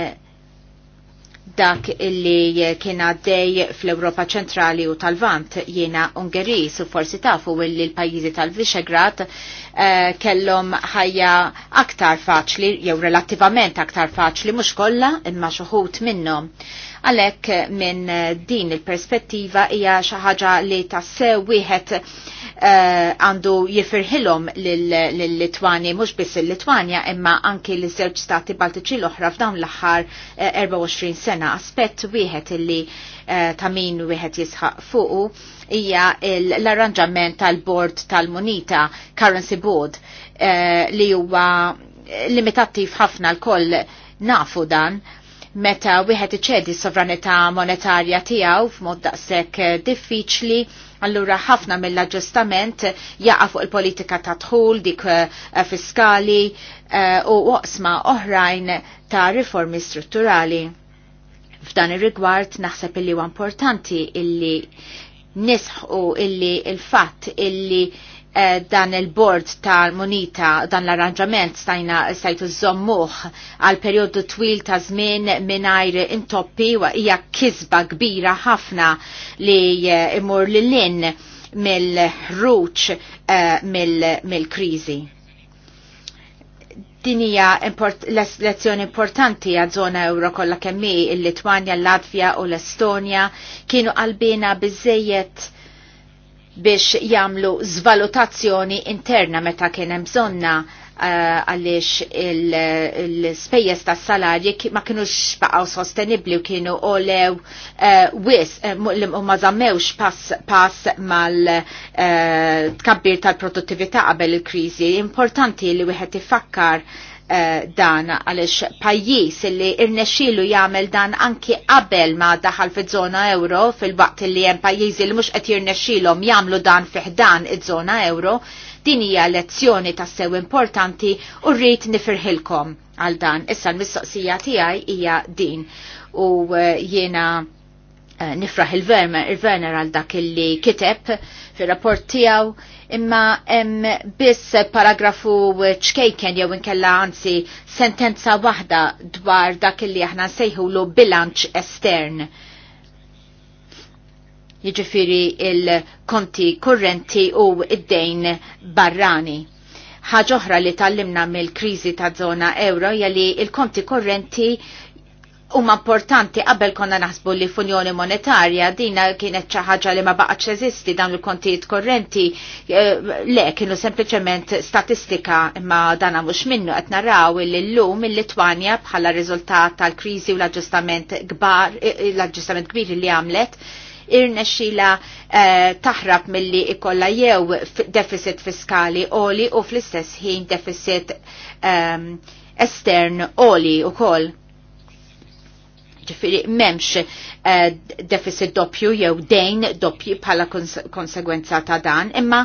dak illi kien għaddej fl-Europa ċentrali u tal-Vant jiena Ungeris u forsi tafu illi l-pajjiżi tal-Visegrad eh, kellhom ħajja aktar faċli jew relattivament aktar faċli mhux kollha imma xuħut minnhom. Għalhekk minn din il-perspettiva hija xi ħaġa li tassew wieħed Eh, għandu jifirħilom lill-Litwani mhux biss il litwania imma anki l-żewġ stati Baltiċi l-oħra f'dawn l-aħħar 24 eh, sena aspett wieħed illi eh, ta' min wieħed jisħaq fuqu hija l-arranġament tal-bord tal-Munita Currency Board li huwa limitattiv ħafna l-koll nafu dan meta wieħed iċedi s-sovranità monetarja tiegħu f'mod daqshekk diffiċli Allura ħafna mill-aġġustament jaqa' fuq il-politika ta' dħul dik eh, fiskali eh, u waqsma oħrajn ta' riformi strutturali. F'dan ir-rigward naħseb illi huwa importanti illi nisħu illi il-fatt illi Eh, dan il-bord tal-monita, dan l-arranġament stajna stajtu zommuħ għal periodu twil ta' żmien mingħajr intoppi wa hija kisba kbira ħafna li eh, imur lil-lin mill-ruċ eh, mill-kriżi. Din hija lezzjoni importanti għad żona euro kollha kemm il-Litwanja, l-Latvja u l-Estonja kienu qalbina biżejjed biex jamlu zvalutazzjoni interna meta kien hemm bżonna uh, għaliex il-spejjeż tas salarji ma kienux baqgħu sostenibbli u kienu olew uh, wis uh, u ma żammewx pass pass mal-tkabbir tal-produttività qabel il-kriżi. Importanti li wieħed ifakkar Eh, dan għalix pajjiż li irnexxielu jagħmel dan anki qabel ma daħal fiż-żona euro fil-waqt li hemm pajjiżi li mhux qed jirnexxilhom jagħmlu dan dan iż-żona euro, din hija lezzjoni tassew importanti u rrid nifirħilkom għal dan. Issa l-mistoqsija tiegħi hija din u eh, jiena Eh, nifraħ il-Verner għal dak illi kiteb fir rapport tiegħu imma hemm biss paragrafu ċkejken jew inkella anzi sentenza waħda dwar dak illi aħna lo bilanċ estern. Jiġifieri il-konti kurrenti u id-dejn barrani ħaġoħra li tallimna mill kriżi ta' zona euro jali il-konti korrenti huma importanti qabel konna naħsbu li f'unjoni monetarja dina kienet xi ħaġa li ma baqgħetx eżisti dawn il-kontijiet korrenti eh, le kienu sempliċement statistika imma dana mhux minnu qed naraw li llum il-Litwanja bħala riżultat tal-kriżi u l-aġġustament kbar eh, l-aġġustament kbir li għamlet irnexxila eh, taħrab milli ikolla jew deficit fiskali oli u fl-istess ħin deficit ehm, estern oli u koll ġifiri memx eh, deficit doppju jew dejn doppju bħala konsegwenza ta' dan, imma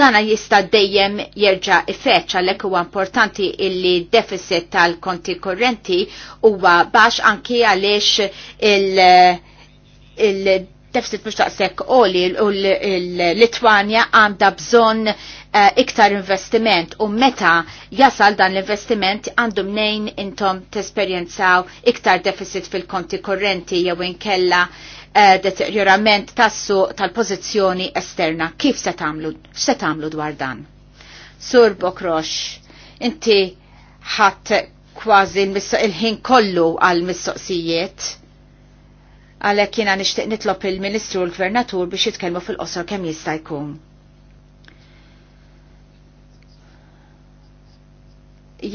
dana jista' dejjem jerġa' ifeċ għalhekk huwa importanti illi deficit tal-konti korrenti huwa baxx anki għaliex il- il deficit mux taqsek u li l-Litwanja għanda bżon eh, iktar investiment u meta jasal dan l-investiment għandu mnejn intom tesperjenzaw iktar deficit fil-konti korrenti jew inkella eh, deterjorament tassu tal-pozizjoni esterna. Kif se tagħmlu? Se dwar dan? Sur Bokrox, inti ħadd kważi il-ħin kollu għal mistoqsijiet għalhekk jiena nixtieq nitlob il-Ministru u l-Gvernatur biex jitkellmu fil-qosor kemm jista' jkun.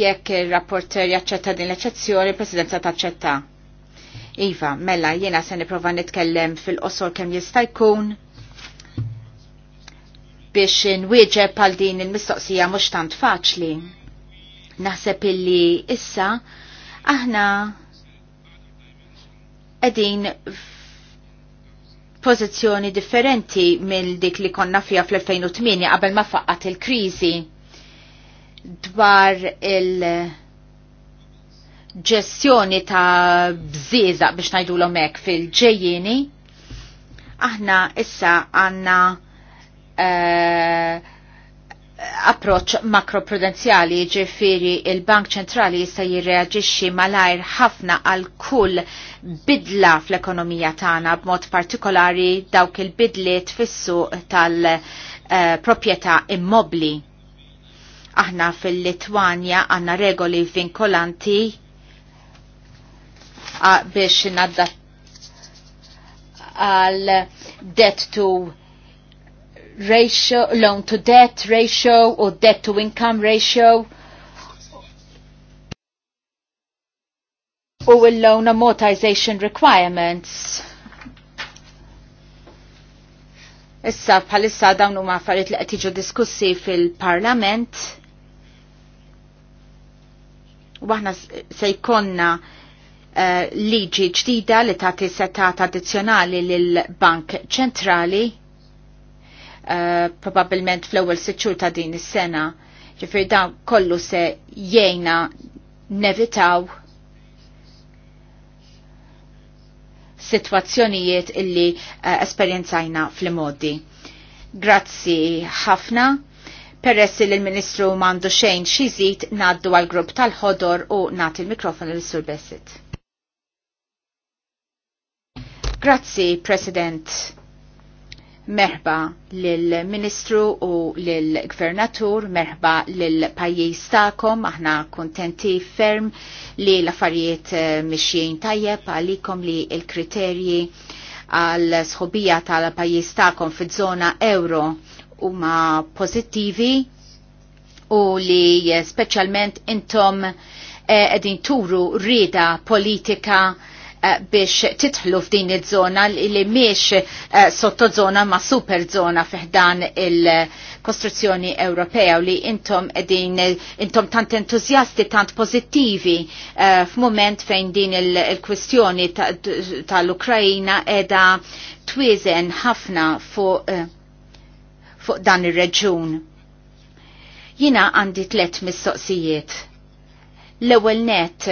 Jekk ir-rapporter jaċċetta din l-eċezzjoni, il-Presidenza taċċetta. Iva, mela jiena se nipprova nitkellem fil-qosor kemm jista' jkun biex nwieġeb għal din il-mistoqsija mhux tant faċli. Naħseb illi issa aħna edin pozizjoni differenti mill dik li konna fija fl-2008 qabel ma faqqat il-krizi dwar il- ġestjoni ta' bżiza biex najdu l fil-ġejjini, aħna issa għanna uh, eh, approċ makroprudenzjali ġifiri il-Bank ċentrali jista' jirreaġixxi malajr ħafna għal kull bidla fl-ekonomija tagħna b'mod partikolari dawk il-bidliet fis-suq tal-proprjetà eh, immobli. Aħna fil-Litwanja għandna regoli vinkolanti biex nadda għal debt to ratio, loan to debt ratio u debt to income ratio. U il loan amortization requirements. Issa bħalissa dawn huma affarijiet li qed jiġu diskussi fil-Parlament. U aħna se jkollna eh, liġi ġdida li tagħti setat addizzjonali lill-Bank Ċentrali Eh, probabilment fl-ewwel siċċur ta' din is-sena. Ġifier dan kollu se jgħina nevitaw sitwazzjonijiet illi eh, esperjenzajna fl-modi. Grazzi ħafna. Peress li l-Ministru mandu xejn xizit naddu għal grupp tal-ħodor u nat il mikrofon l-Sur Bessit. Grazzi, President merħba lill-Ministru u lill-Gvernatur, merħba lill-pajjiż tagħkom, aħna kontenti ferm li l-affarijiet eh, mixjien tajjeb għalikom li l-kriterji għal sħobija tal-pajjiż tagħkom fiż-żona euro huma pożittivi u li speċjalment intom eh, qegħdin turu rieda politika Eh, biex titħlu f'din iż-żona li miex eh, sottozona ma' superzona fiħdan il-kostruzzjoni Ewropea u li intom din intom tant entuzjasti, tant pozittivi eh, f'mument fejn din il-kwistjoni tal-Ukrajina edha twizen ħafna fuq dan ir-reġun. Jina għandi tlet mistoqsijiet L-ewwel net,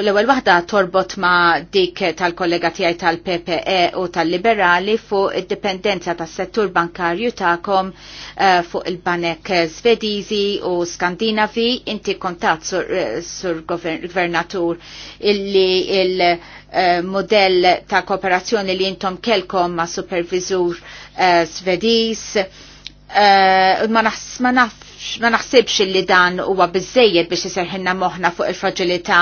l-ewwel waħda torbot ma' dik tal-kollega tiegħi tal-PPE u tal-Liberali fuq id-dipendenza tas-settur bankarju tagħkom eh, fuq il-banek Svediżi u Skandinavi, inti kontat sur, eh, sur governatur illi il-modell eh, ta' kooperazzjoni li intom kelkom ma' supervizur uh, Svediż ma naf ma naħsibx li dan huwa biżejjed biex iserħinna moħna fuq il-fragilità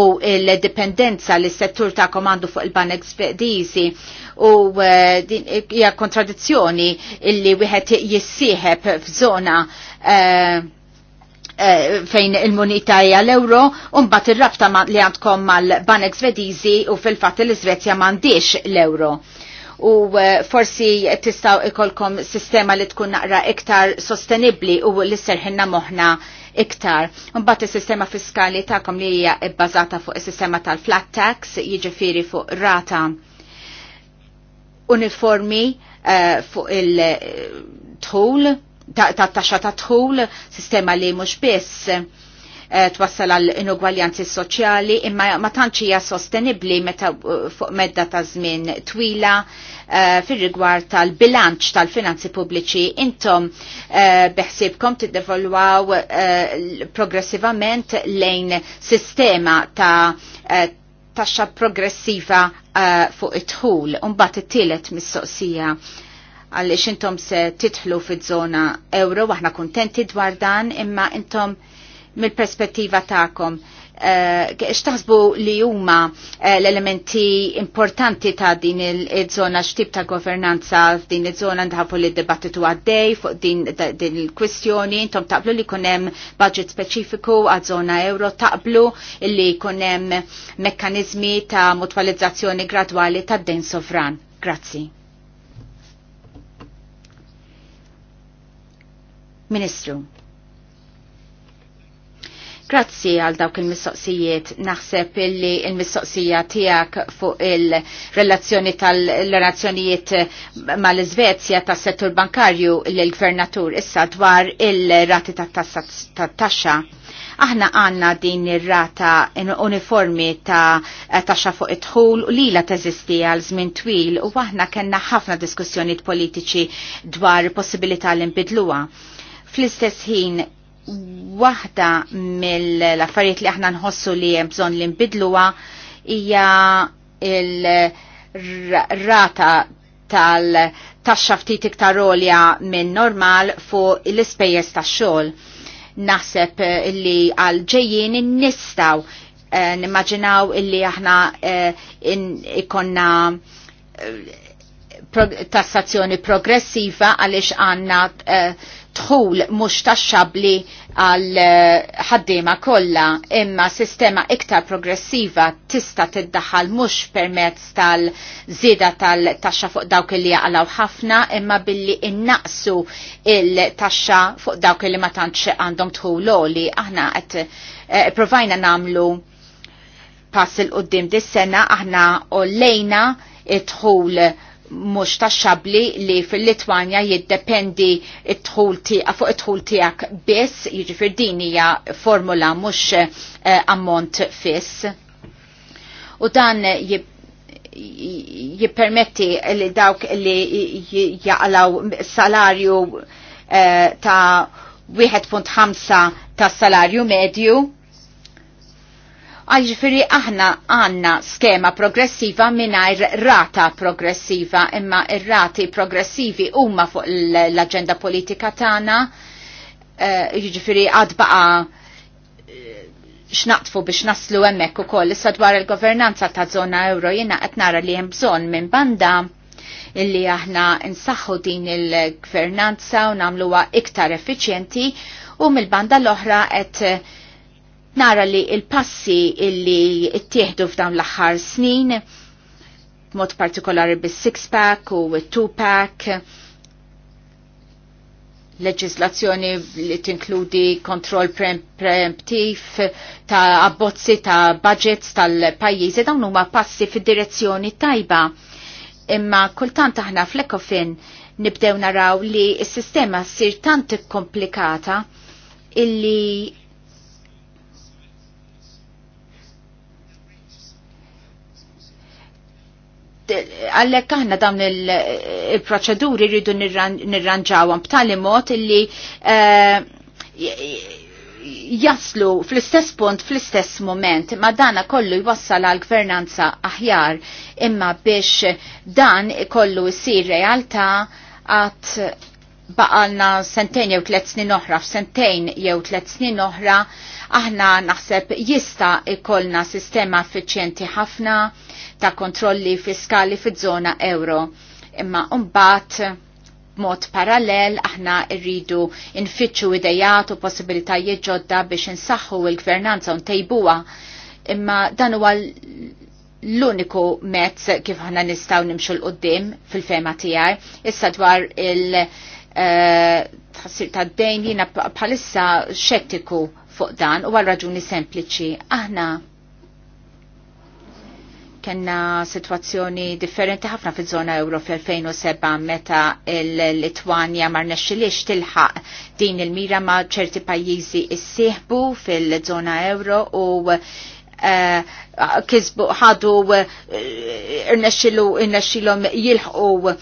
u l-dipendenza il li settur ta' komandu fuq il-banek spedizi u eh, hija kontradizzjoni illi wieħed jissieħeb f'żona eh, eh, fejn il-munita hija l-euro u mbagħad ir-rabta li għandkom mal-banek Svediżi u fil-fatt il iżvezja m'għandix l-euro u eh, forsi tistaw ikolkom sistema li tkun naqra iktar sostenibli u li serħinna moħna iktar. Mbatt il-sistema fiskali ta'kom li hija bbażata fuq il-sistema tal-flat tax, jiġifieri fuq rata uniformi uh, fuq il-tħul, ta' taxxa ta' tħul, sistema li mhux biss Eh, twassal għal inugwaljanzi soċjali imma ma tantx hija sostenibbli meta eh, fuq medda ta' żmien twila eh, fir-rigward tal-bilanċ tal-finanzi pubbliċi intom beħsibkom tiddevolwaw progressivament lejn sistema ta' taxxa progressiva fuq it-tħul. Umbat it-tielet mis-soqsija għalli xintom se titħlu fid żona euro, waħna kontenti dwar dan, imma intom mill-perspettiva ta'kom. Eh, xtaħsbu li huma eh, l-elementi importanti ta' din il-żona x'tib ta' governanza f'din il-żona ndħafu li d-dibattitu għaddej fuq din il-kwistjoni, intom taqblu li kunem budget speċifiku għad-żona euro, taqblu li kunem mekkanizmi ta' mutualizzazzjoni gradwali ta' den sovran. Grazzi. Ministru. Grazzi għal dawk il-mistoqsijiet. Naħseb illi il-mistoqsija tijak fuq il-relazzjoni tal-relazzjonijiet mal-Svezja tas settur bankarju l-gvernatur issa dwar il-rati tat-taxxa aħna għanna din ir-rata uniformi ta' taxxa fuq id-dħul u lila teżisti għal żmien twil u aħna kellna ħafna diskussjonijiet politiċi dwar possibilità li nbidluha. Fl-istess ħin waħda mill-affarijiet li aħna nħossu li hemm bżonn li nbidluha hija il-rata tal-taxxa ftit iktar olja minn normal fuq l-ispejjeż tax-xogħol. Naħseb eh, li għal ġejjin nistgħu eh, nimmaġinaw illi aħna eh, ikonna tassazzjoni progressiva għaliex għanna dħul mhux taxxabli għal eh, ħaddiema kollha imma sistema iktar progressiva tista' tiddaħħal mhux permezz tal-żieda tal-taxxa fuq dawk li jaqalaw ħafna imma billi innaqsu il-taxxa fuq dawk li ma tantx għandhom dħul li aħna qed eh, provajna namlu pass il-qoddim dis-sena aħna u lejna it-dħul mhux taxxabli li fil-Litwanja jiddependi t-tħul fuq it-tħul tiegħek biss, jiġifier din hija formula mhux eh, ammont fiss. U dan jippermetti li dawk li jaqlaw salarju eh, ta' 1.5 ta' salarju medju Għalġifiri aħna għanna skema progressiva minnajr rata progressiva imma ir-rati progressivi huma fuq l-agenda politika tagħna. Jiġifieri għad baqa eh, xnaqtfu biex naslu hemmhekk ukoll issa dwar il-governanza ta' żona euro jiena qed nara li hemm bżonn minn banda illi aħna nsaħħu din il-gvernanza u nagħmluha iktar effiċjenti u mill-banda l-oħra qed nara li il-passi illi ittieħdu f'dawn l-aħħar snin, mod partikolari bis-six-pack u two-pack, leġislazzjoni li tinkludi kontroll preemptiv ta' abbozzi ta' budgets tal-pajjiżi dawn huma passi fid-direzzjoni tajba. Imma kultant aħna fl-ekofin nibdew naraw li s-sistema ssir tant komplikata illi għallek aħna dawn il-proċeduri rridu nirranġawhom b'tali mod illi eh, jaslu fl-istess punt fl-istess moment ma dana kollu jwassal għal gvernanza aħjar imma biex dan kollu jisir realtà għat baqalna sentejn jew tliet snin oħra, f'sentejn jew tliet snin oħra, aħna naħseb jista' ikollna sistema effiċjenti ħafna ta' kontrolli fiskali fiż-żona euro. Imma mbagħad mod parallel aħna rridu nfittxu idejat u possibilitajiet ġodda biex insaħħu l gvernanza u ntejbuha. Imma dan huwa l-uniku mezz kif aħna nistgħu nimxu l qudiem fil-fema tiegħi issa dwar il- Eh, tħassir ta' dejn jina bħalissa xettiku fuq dan u għal raġuni sempliċi. Aħna kena situazzjoni differenti ħafna fi zona euro fl-2007 meta l-Litwanja mar nexxilix tilħaq din il-mira ma' ċerti pajjiżi issieħbu fil-zona euro u eh, kisbu ħadu eh, irnexxilu jilħu jilħqu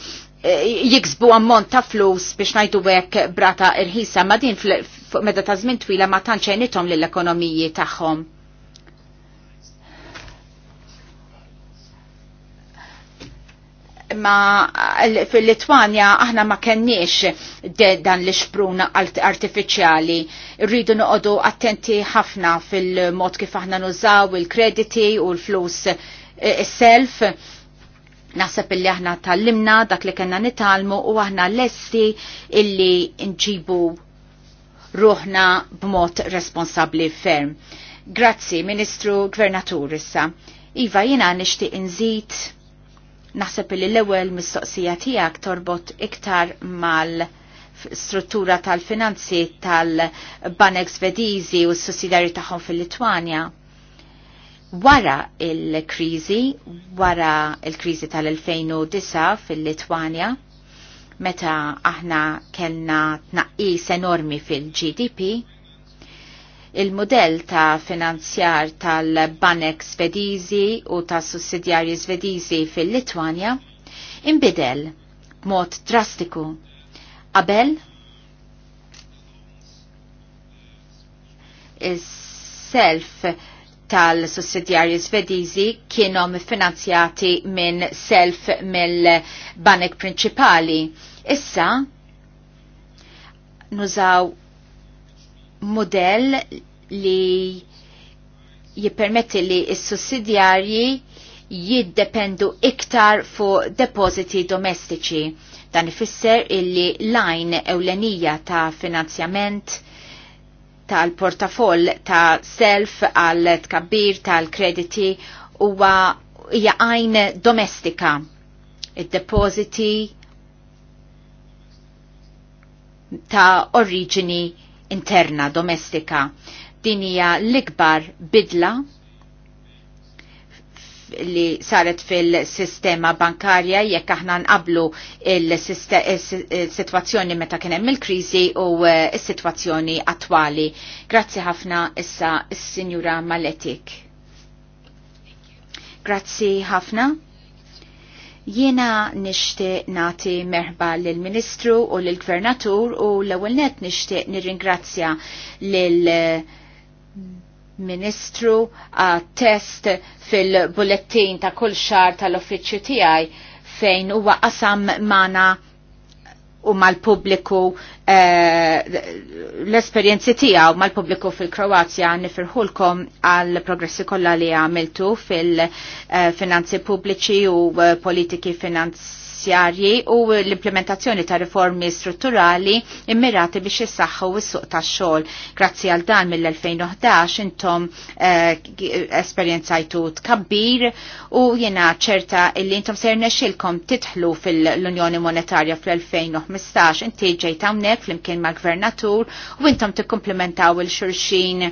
Eh, jiksbu ammont ta' flus biex najdu hekk brata irħisa ma din fuq meta ta' żmien twila ma tantx għenithom lill-ekonomiji tagħhom. ma fil-Litwanja aħna ma kenniex dan l ixprun artificiali. Rridu noqodu attenti ħafna fil-mod kif aħna nużaw il-krediti u l-flus eh, self Uh, Naħseb illi aħna tallimna dak li kena nitalmu u aħna lessi illi nġibu ruħna b'mod responsabli ferm. Grazzi, Ministru Gvernatur issa. Iva, jina nishtiq nżid naħseb illi l-ewwel mistoqsija tiegħek torbot iktar mal struttura tal-finanzi tal-Banek Vedizi u s-sussidari tagħhom fil-Litwanja wara il-krizi, wara il-krizi tal-2009 fil-Litwanja, meta aħna kellna tnaqqis enormi fil-GDP, il-modell ta' finanzjar tal-banek svedizi u ta' sussidjarji svedizi fil-Litwanja imbidel b'mod drastiku. Qabel, is-self tal-sussidjarji svedizi kienom finanzjati minn self mill-banek prinċipali. Issa, nużaw model li jippermetti li s-sussidjarji jiddependu iktar fuq depositi domestiċi. Dan ifisser illi lajn ewlenija ta' finanzjament tal-portafoll ta' self għal tkabbir tal-krediti huwa hija għajn domestika. Id-depositi ta' oriġini interna domestika. Din hija l-ikbar bidla li saret fil-sistema bankarja jekk aħna nqablu il-situazzjoni meta kien hemm il-kriżi u eh, s-situazzjoni attwali. Grazzi ħafna issa s-Sinjura Maletik. Grazzi ħafna. Jiena nixtieq nati merħba lill-Ministru u lill-Gvernatur u l-ewwel net nixtieq nirringrazzja lil ministru a test fil bulletin ta' kull xar tal-uffiċċju tiegħi fejn huwa qasam mana u mal-pubbliku eh, l-esperienzi tiegħu mal-pubbliku fil-Kroazja nifirħulkom għal progressi kollha li għamiltu fil-finanzi eh, pubbliċi u eh, politiki finanzi finanzjarji u l-implementazzjoni ta' riformi strutturali immirati biex jissaxħu s-suq ta' xol. Grazzi għal dan mill-2011 intom eh, esperienzajtu tkabbir u jena ċerta illi intom ser nexilkom titħlu fil-Unjoni Monetarja fl-2015 inti ġejta hawnhekk flimkien mal-Gvernatur u intom tikkumplementaw il-xurxin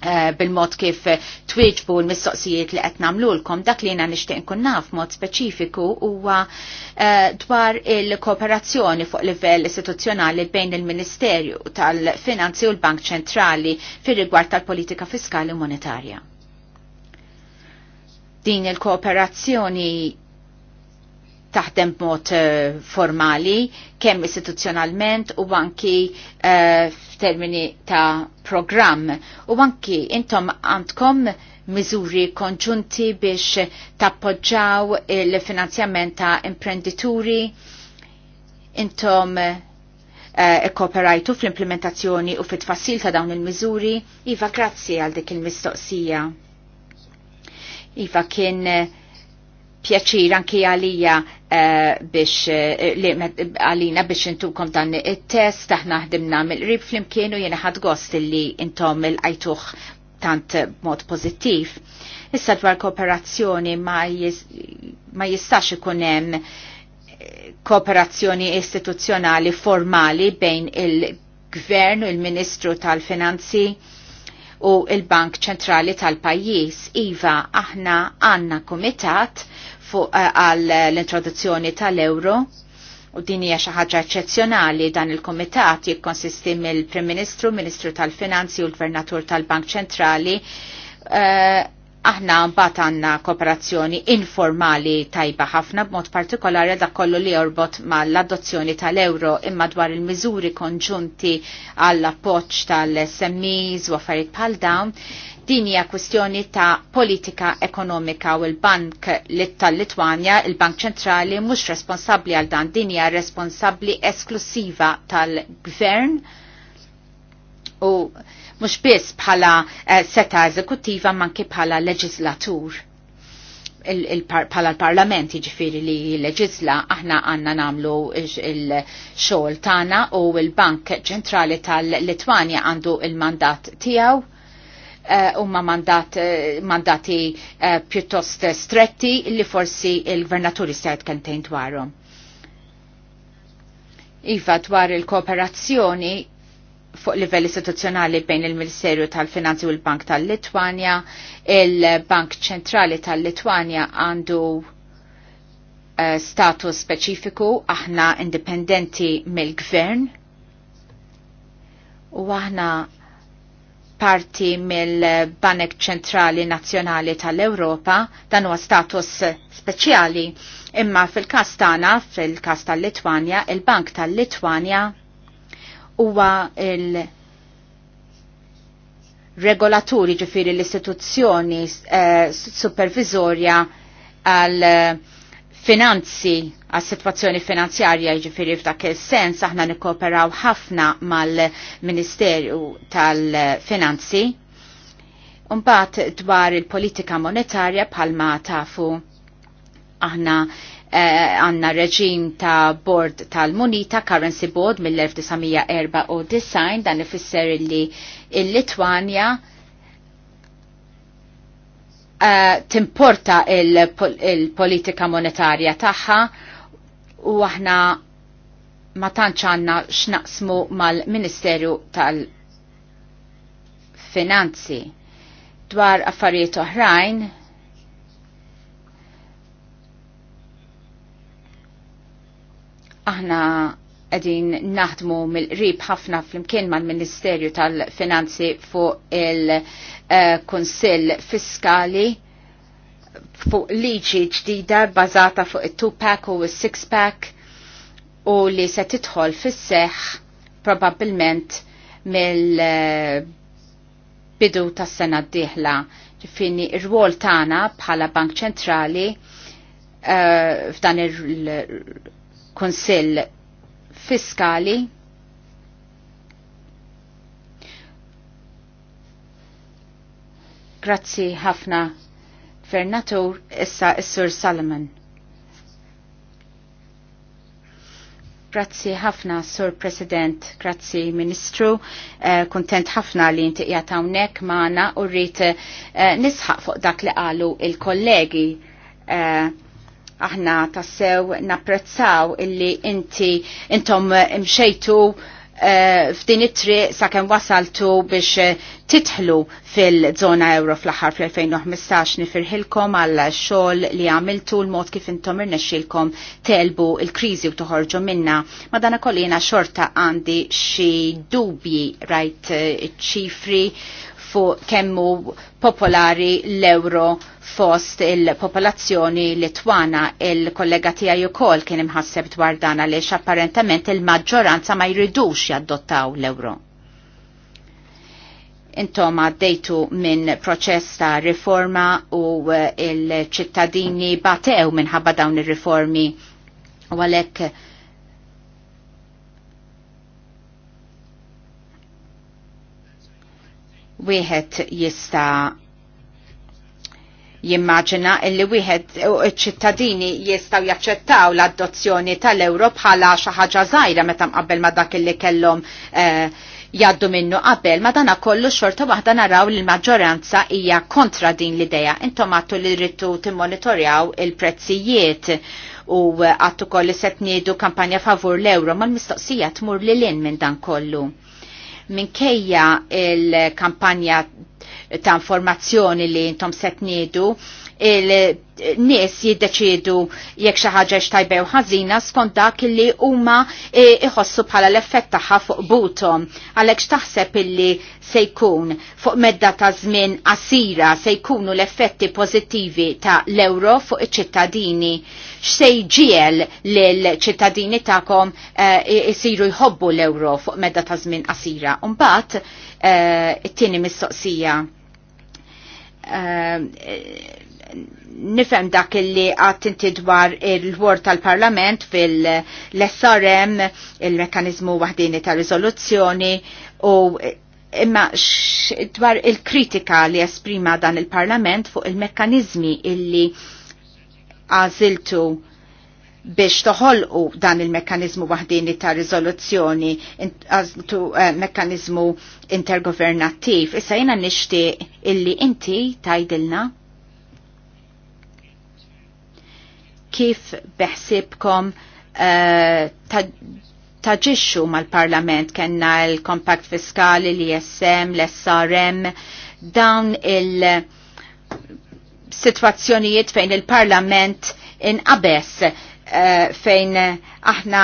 Eh, bil-mod kif eh, twieġbu l-mistoqsijiet li qed nagħmlulkom dak li jiena nixtieq nkun naf mod speċifiku huwa eh, dwar il-kooperazzjoni fuq livell istituzzjonali bejn il-Ministerju tal-Finanzi u l-Bank Ċentrali fir-rigward tal-politika fiskali u monetarja. Din il-kooperazzjoni taħdem b'mod eh, formali, kemm istituzzjonalment u anki eh, f'termini ta' programm. U anki intom għandkom miżuri konġunti biex tappoġġaw il-finanzjament ta' imprendituri, intom e uh, fl-implementazzjoni u fit-tfassil ta' dawn il-miżuri. Iva, grazzi għal dik il-mistoqsija. Iva kien uh, pjaċir anki għalija eh, biex eh, għalina biex intukom dan il-test, taħna ħdimna mill-rib flimkienu jena ħad gost li intom il-għajtuħ tant mod pozittiv. Issa dwar kooperazzjoni ma, jistax ikunem eh, kooperazzjoni istituzzjonali formali bejn il-gvern u il-ministru tal-finanzi u il-Bank ċentrali tal-pajjiż iva aħna għanna komitat Eh, għal l-introduzzjoni tal-euro u din hija xi ħaġa eċċezzjonali dan il-kumitat jikkonsisti mill-Prim Ministru, Ministru tal-Finanzi u l-Gvernatur tal-Bank Ċentrali. Eh, aħna mbagħad għandna kooperazzjoni informali tajba ħafna b'mod partikolari dak kollu li jorbot mal-adozzjoni tal-euro imma dwar il-miżuri konġunti għall appoġġ tal-SMEs u affarijiet bħal dawn Din hija kwistjoni ta' politika ekonomika u l-Bank tal-Litwanja, il-Bank Ċentrali, mhux responsabbli għal dan, din hija responsabbli esklusiva tal-Gvern u mhux biss bħala eh, seta' eżekuttiva manki bħala leġislatur bħala l-parlament ġifiri li leġizla aħna għanna namlu il-xol tana u il-Bank ċentrali tal-Litwanja għandu il-mandat tijaw huma eh, mandat, eh, mandati eh, pjuttost stretti li forsi il-gvernaturi stajt kentejn dwarhom. Iva dwar il-kooperazzjoni fuq livell istituzzjonali bejn il-Ministerju tal-Finanzi u l-Bank tal-Litwanja, il-Bank Ċentrali tal-Litwanja għandu status speċifiku, aħna indipendenti mill-gvern u aħna parti mill-Banek Ċentrali Nazzjonali tal-Ewropa dan huwa status speċjali. Imma fil-kas tagħna, fil-kas tal-Litwanja, il-Bank tal-Litwanja huwa il regolaturi ġifiri l-istituzzjoni eh, supervizorja għal eh, finanzi għas situazzjoni finanzjarja ġifiri f'dak il-sens aħna nikkooperaw ħafna mal-Ministerju tal-Finanzi. Umbat dwar il-politika monetarja palma tafu aħna eh, għanna eh, reġim ta' board tal-Munita, Currency Board mill-1994 dan ifisser li il-Litwanja il litwanja Uh, timporta il-politika monetarja tagħha u aħna ma tantx għandna x'naqsmu mal-Ministeru tal-Finanzi dwar affarijiet oħrajn aħna għedin naħdmu mill-rib ħafna fl-imkien mal ministerju tal-Finanzi fuq il-Konsil eh, Fiskali fuq liġi ġdida bazata fuq il-2-pack u il-6-pack u li se titħol fis-seħ probabilment mill-bidu eh, tas sena d-dihla. Ġifini, ir-rwol tagħna bħala Bank Ċentrali eh, f'dan il-Konsil fiskali Grazzi ħafna Fernatur, issa Sur Salomon. Grazzi ħafna, Sur President, grazzi Ministru, eh, kontent ħafna li inti qiegħed hawnhekk magħna u rrid eh, nisħaq fuq dak li qalu il-kollegi. Eh, Aħna tassew napprezzaw illi inti intom imxejtu eh, f'din it-triq sakemm wasaltu biex eh, titħlu fil-żona euro fl-aħħar fl-2015 nifirħilkom għal xogħol li għamiltu l-mod kif intom irnexxilkom telbu il-kriżi u toħorġu minna. Madana kollina xorta għandi xi dubji rajt iċ-ċifri. Eh, uh, fuq kemmu popolari l-euro fost il-popolazzjoni Litwana. Il-kollega tijaj u kol kien imħasseb dwar dan għaliex apparentament il-maġġoranza ma jridux jaddottaw l-euro. Intoma dejtu minn proċess ta' riforma u eh, il-ċittadini batew minħabba dawn ir-riformi u għalhekk wieħed jista' jimmaġina illi wieħed ċittadini jistgħu jaċċettaw l-adozzjoni tal-Ewro bħala xi ħaġa żgħira meta mqabbel ma dak illi kellhom eh, jaddu minnu qabel, ma dana kollu xorta waħda naraw li l-maġġoranza hija kontra din l-idea. Intom għattu li rritu timmonitorjaw il-prezzijiet u għattu kolli set kampanja favur l-euro, ma l-mistoqsija tmur li l-in minn dan kollu minkejja il-kampanja ta' informazzjoni li intom setniedu il-nies jiddeċidu jekk xi ħaġa xtajbew ħażina skont dak li huma e, iħossu bħala l-effett tagħha fuq butom. Għalhekk x'taħseb illi se jkun fuq medda ta' żmien qasira se jkunu l-effetti pożittivi ta' l-euro fuq iċ-ċittadini. X'se jġiel lil ċittadini tagħkom e, isiru jħobbu l-euro fuq medda ta' żmien qasira. Mbagħad e, it-tieni mistoqsija nifem dak li għat inti dwar il-wor tal-parlament fil-SRM, il-mekanizmu wahdini tal rizoluzzjoni u imma dwar il-kritika li esprima dan il-parlament fuq il-mekanizmi illi għaziltu biex toħolqu dan il-mekkanizmu waħdini ta' rizoluzzjoni, għaztu eh, mekanizmu mekkanizmu intergovernattiv. Issa jena nishtiq illi inti tajdilna kif beħsibkom uh, taġixxu mal-Parlament kenna l-Kompakt Fiskali, l-ISM, l-SRM, dawn il-situazzjonijiet fejn il-Parlament inqabes eh, fejn aħna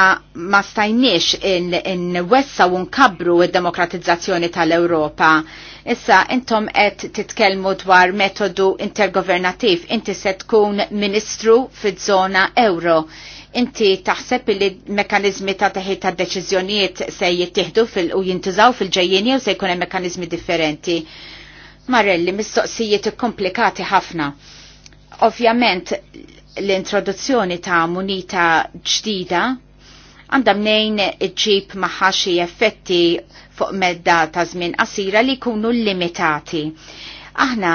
ma stajniex in-wessa in u nkabru id-demokratizzazzjoni tal-Europa Issa, intom qed titkellmu dwar metodu intergovernativ. Inti se tkun ministru fiż-żona euro. Inti taħseb li mekanizmi ta' teħid ta' deċiżjonijiet se jittieħdu fil u jintużaw fil-ġejjieni u se jkun hemm mekanizmi differenti. Marelli, mistoqsijiet komplikati ħafna. Ovvjament, l-introduzzjoni ta' munita ġdida għandha mnejn iġġib maħħa xi effetti fuq medda ta' żmien qasira li jkunu limitati. Aħna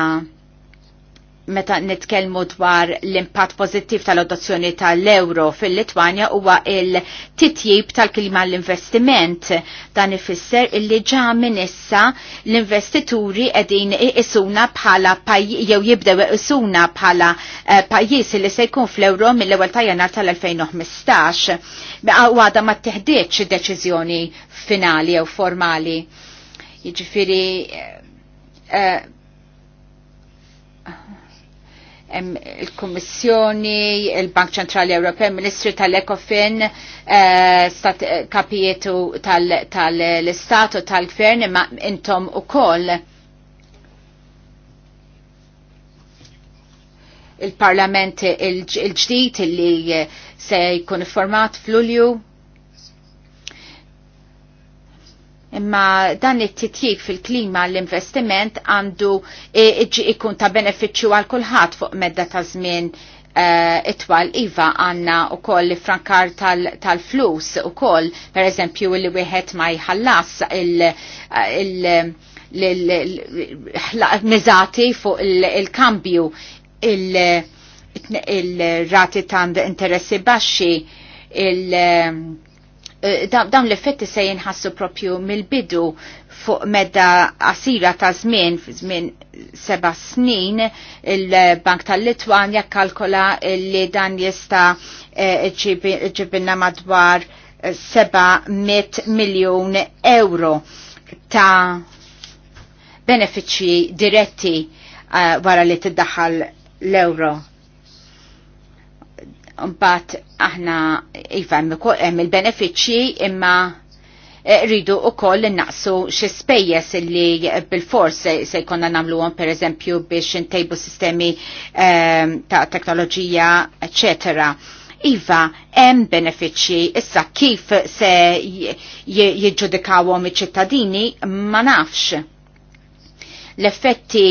meta nitkellmu dwar l-impatt pożittiv tal-adozzjoni tal-euro fil-Litwanja huwa il-titjib tal-klima l-investiment. Dan ifisser illi ġa minn issa l-investituri qegħdin isuna bħala jew jibdew isuna bħala eh, pajjiż li se jkun fl-euro mill-ewwel ta' jannar tal-2015. Għada ma teħdiċ deċiżjoni finali jew formali. Jiġifieri uh, il-Kommissjoni, il-Bank Ċentrali Ewropew, Ministri tal-Ekofin, eh, kapietu tal-Istatu, tal tal-Gvern, imma intom u koll. Il-Parlament il-ġdijt il li se jkun format fl-Ulju. Imma dan it-titjib fil-klima l-investiment għandu ikun ta' beneficju għal kulħadd fuq medda ta' żmien eh, itwal iva għanna u koll frankar tal-flus u koll, per eżempju, li wieħed ma jħallas il-mizati fuq il-kambju il-rati ta' interessi baxxi il- Eh, dawn l-effetti se jinħassu propju mill-bidu fuq medda qasira ta' żmien żmien seba' snin il-Bank tal-Litwanja kalkola li dan jista' eh, ġibinna madwar 700 eh, miljon euro ta' benefiċċji diretti wara li tiddaħħal l-euro. Bat aħna iva hemm il-benefiċċji imma eh, rridu u koll naqsu xie spejjes li bil-fors se jkonna namlu għon per eżempju biex ntejbu sistemi ehm, ta' teknoloġija, eccetera. Iva, hemm benefiċċji issa kif se jiġġudikawhom iċ-ċittadini ma nafx. L-effetti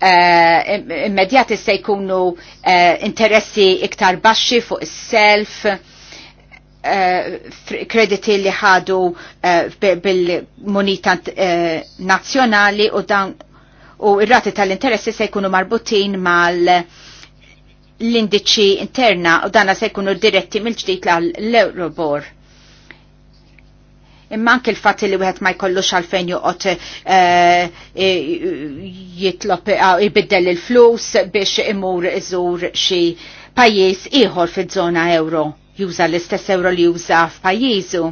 Eh, immedjati se jkunu eh, interessi iktar baxxi fuq is-self, eh, krediti li ħadu bil-monita nazzjonali u dan u ir-rati tal-interessi se jkunu marbutin mal l-indiċi interna u dana se jkunu diretti mill-ġdid l-Eurobor imma anke l-fatt li wieħed ma jkollux għalfejn joqgħod eh, eh, jitlob eh, ibiddel il-flus biex imur iżur xi pajjiż ieħor fiż-żona euro juża l-istess euro li juża f'pajjiżu.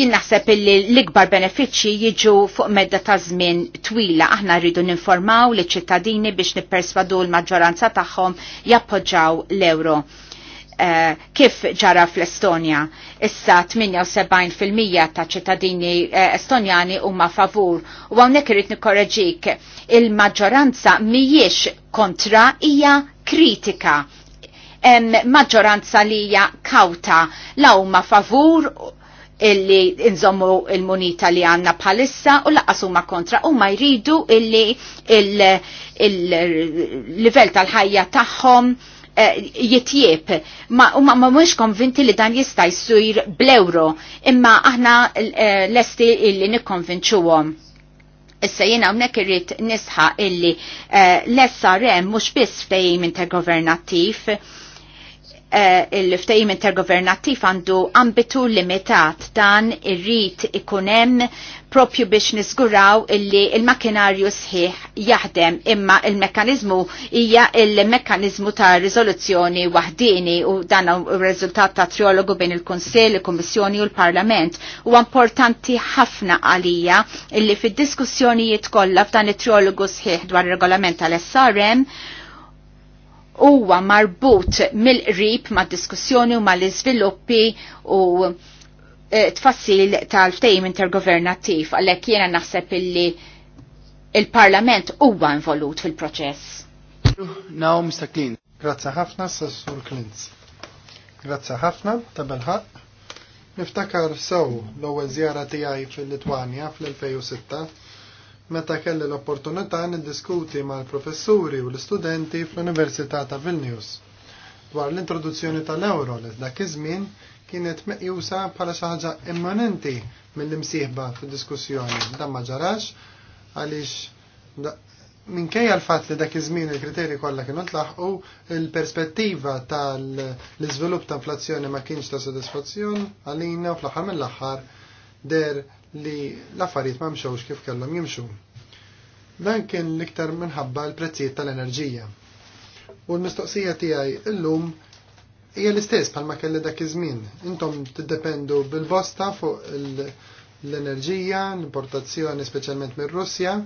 Jien naħseb illi l-ikbar benefiċċji jiġu fuq medda ta' żmien twila. Aħna rridu ninformaw liċ ċittadini biex nipperswadu l-maġġoranza tagħhom jappoġġaw l-euro kif ġara fl-Estonja. Issa 78% ta' ċittadini estonjani huma favur u hawnhekk irid nikkoreġik il-maġġoranza mhijiex kontra hija kritika. Em, maġġoranza li hija kawta la huma favur illi inżommu il-munita li għanna bħalissa u laqqas huma kontra u ma jridu illi il-livell il, il, il, tal-ħajja tagħhom Eh, jitjieb. Ma mhux konvinti li dan jista' jsir bl imma aħna eh, lesti illi nikkonvinċuhom. Issa jiena hawnhekk irrid nisħa illi eh, l-SRM mhux biss fejn intergovernattiv, governativ Eh, il ftajim intergovernattiv għandu ambitu limitat dan irrit ikunem propju biex nisguraw illi il-makinarju sħiħ jaħdem imma il-mekanizmu hija il-mekanizmu ta' rizoluzzjoni wahdini u dan u rezultat ta' triologu bejn il-Kunsill, il-Kummissjoni u l-Parlament u importanti ħafna għalija illi fid-diskussjonijiet kollha f'dan it-triologu sħiħ dwar regolament tal-SRM huwa marbut mill-qrib ma' diskussjoni u mal-iżviluppi u e, tfassil tal-ftejm intergovernattiv għalhekk jiena naħseb illi il-Parlament huwa involut fil-proċess. Now, Mr. Klint. Grazzi ħafna, Sassur Clint. Grazzi ħafna, ħadd. Niftakar sew l-ewwel żjara tiegħi fil-Litwanja fl-2006 meta kelli l-opportunità niddiskuti mal-professuri u l-istudenti fl-Università ta' Vilnius dwar l-introduzzjoni tal-euro li dak iż-żmien kienet meqjusa bħala xi ħaġa immanenti mill-imsieħba fid-diskussjoni. Dan ma ġarax għaliex minkejja l-fatt li dak iż-żmien il-kriterji kollha kienu tlaħqu il-perspettiva tal-iżvilupp ta' inflazzjoni ma kienx ta' sodisfazzjon għalina u fl-aħħar mill-aħħar der li l-affarijiet ma mxewx kif kellhom jimxu. Dan kien l-iktar minħabba l-prezzijiet tal-enerġija. U l-mistoqsija tiegħi illum hija l-istess bħalma kelli dak iż-żmien. Intom tiddependu bil-bosta fuq l-enerġija, l-importazzjoni speċjalment mir-Russja,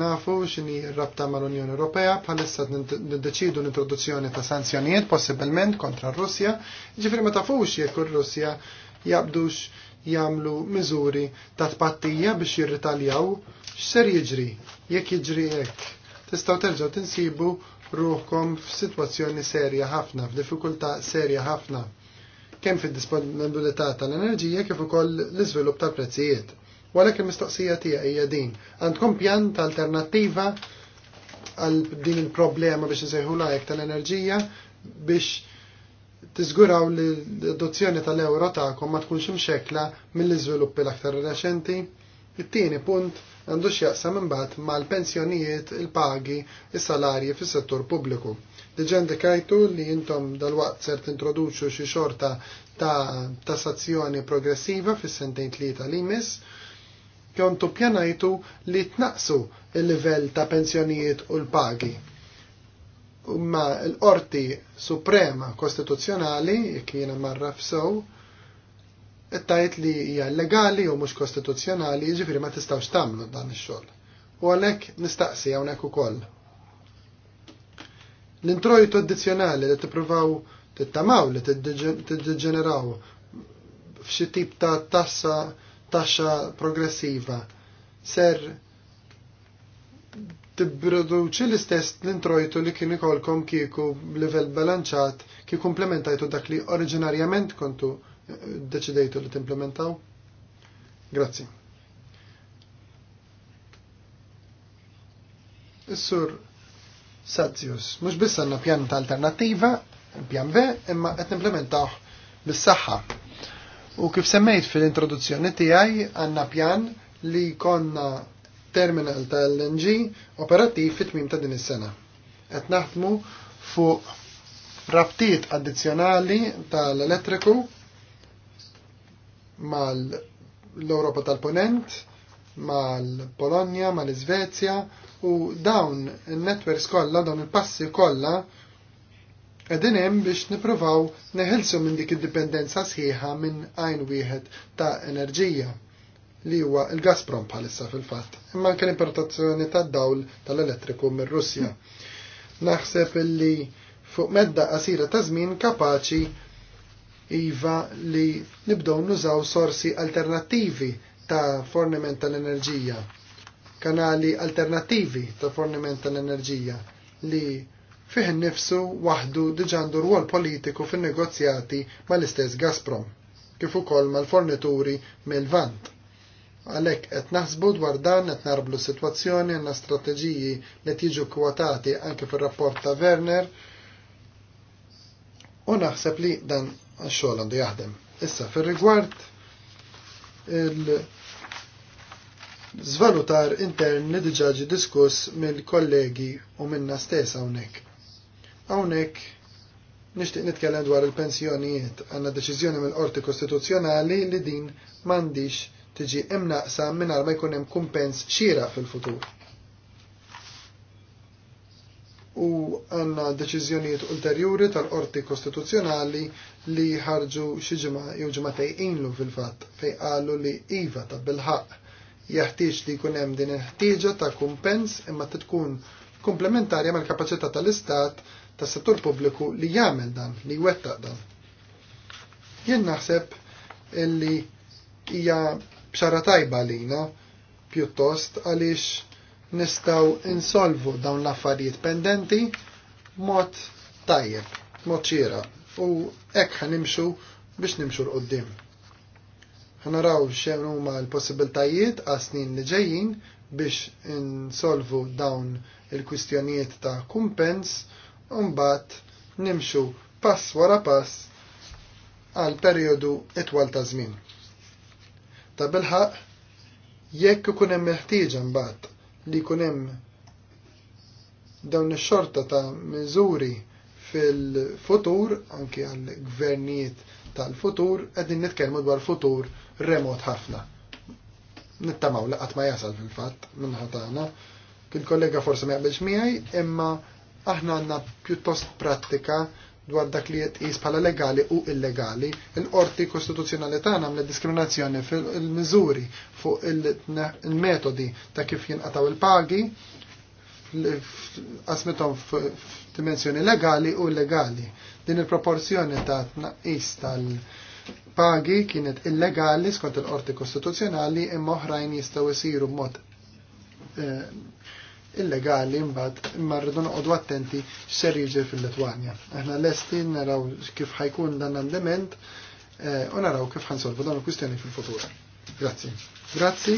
nafu x'inhi rabta mal unjoni Ewropea bħalissa niddeċidu l-introduzzjoni ta' sanzjonijiet possibilment kontra r-Russja, ġifri ma tafux jekk ir-Russja jabdux jagħmlu miżuri ta' tpattija biex jirritaljaw x'ser jiġri jekk jiġri hekk. Tistgħu terġgħu tinsibu ruhkom f'sitwazzjoni serja ħafna, f'diffikultà serja ħafna kemm fid-disponibilità tal-enerġija kif ukoll l-iżvilupp tal-prezzijiet. Walek il-mistoqsija tiegħi hija din. Għandkom pjan alternattiva għal din il-problema biex nsejħu lajk tal-enerġija biex tiżguraw li l-adozzjoni tal-euro tagħkom ma tkunx imxekla mill-iżviluppi l-aktar reċenti? It-tieni punt għandu x'jaqsam imbagħad mal-pensjonijiet, il-pagi, is-salarji fis-settur pubbliku. Diġà indikajtu li intom dalwaqt ser tintroduċu xi xorta ta' tassazzjoni progressiva fis-sentejn tlieta li jmiss, kontu pjanajtu li tnaqsu il-livell ta' pensjonijiet u l-pagi ma l-Qorti Suprema Kostituzzjonali, kiena marra f'sow, tajt li hija legali u mhux kostituzzjonali, jiġifieri ma tistgħux tagħmlu dan ix-xogħol. U għalhekk nistaqsi hawnhekk ukoll. L-introjtu addizzjonali li tippruvaw tittamaw li tiddeġeneraw f'xi tip ta' tassa taxxa progressiva ser tibproduċi l-istess l-introjtu li kien ikolkom kieku b'livell balanċat kieku implementajtu dak li oriġinarjament kontu eh, deċidejtu li timplementaw? Grazzi. Is-sur Sazius, mhux biss għandna pjan ta' alternattiva, pjan B, imma qed implementaw bis-saħħa. U kif semmejt fil-introduzzjoni tiegħi għandna pjan li konna terminal ta' LNG operattiv fit-tmim ta' din is-sena. Qed naħdmu fuq rabtiet addizzjonali tal-elettriku mal-Europa tal-Ponent, mal-Polonja, mal-Iżvezja u dawn il-networks kollha, dawn il-passi kollha qegħdin hemm biex nippruvaw neħilsu minn dik id-dipendenza sħiħa minn għajn wieħed ta' enerġija li huwa il-Gazprom bħalissa fil-fatt, imma anke l-importazzjoni tad-dawl tal-elettriku mir-Russja. Naħseb li fuq medda qasira ta' żmien kapaċi iva li nibdew nużaw sorsi alternattivi ta' forniment tal-enerġija, kanali alternattivi ta' forniment tal-enerġija li fih nifsu waħdu diġandu rwol politiku fin negozjati mal-istess Gazprom, kif ukoll mal-fornituri mill-Vant Għalek, et naħsbu dwar dan et narblu situazzjoni għanna strategiji li tiġu kwotati anke fil rapport ta' Werner u naħseb li dan xogħol għandu jaħdem. Issa, fil rigward il-zvalutar intern li diġaġi diskuss mill-kollegi u minna stess hawnhekk. Hawnhekk nishtiq nitkellem dwar il-pensjonijiet għandna deċiżjoni mill-Qorti Kostituzzjonali li din m'għandix tiġi imnaqsa mingħajr ma jkun hemm kumpens xieraq fil-futur. U għandna deċiżjonijiet ulterjuri tal-qorti kostituzzjonali li ħarġu xi ġimgħa jew ġimgħatej inlu fil-fatt fejn qalu li iva ta' bilħaq jeħtieġ li jkun hemm din il-ħtieġa ta' kumpens imma tkun komplementarja mal-kapaċità tal-istat tas-settur pubbliku li jagħmel dan, li jwettaq dan. Jien naħseb illi hija bxara tajba lina, pjuttost għaliex nistaw insolvu dawn l-affarijiet pendenti mod tajjeb, mod ċira, u hekk ħanimxu biex nimxu l-qoddim. Ħanaraw xemm huma l-possibiltajiet għas snin li ġejjin biex insolvu dawn il-kwistjonijiet ta' kumpens u mbagħad nimxu pass wara pass għal periodu itwal ta' żmien ta' bilħaq jekk ikun hemm meħtieġa mbagħad li jkun hemm dawn ix-xorta ta' miżuri fil-futur, anki għal gvernijiet tal-futur, qegħdin nitkellmu dwar futur remot ħafna. Nittamaw li qatt ma jasal fil-fatt minn ħatana. Kil kollega forsi ma jaqbilx miegħi, imma aħna għandna pjuttost prattika dwar dak li jitqis bħala legali u illegali, il-qorti kostituzzjonali tagħna għamlet diskriminazzjoni fil-miżuri fuq il-metodi ta' kif jinqataw il-pagi qasmithom f'dimensjoni legali u illegali. Din il-proporzjoni ta' tnaqqis tal-pagi kienet illegali skont il-qorti kostituzzjonali imma oħrajn jistgħu jsiru b'mod eh, illegali mbagħad imma rridu noqogħdu attenti x'ser jiġri fil-Litwanja. Aħna lesti naraw kif ħajkun dan l-element eh, u naraw kif ħansolvu dan il-kwistjoni fil-futur. Grazzi. Grazzi.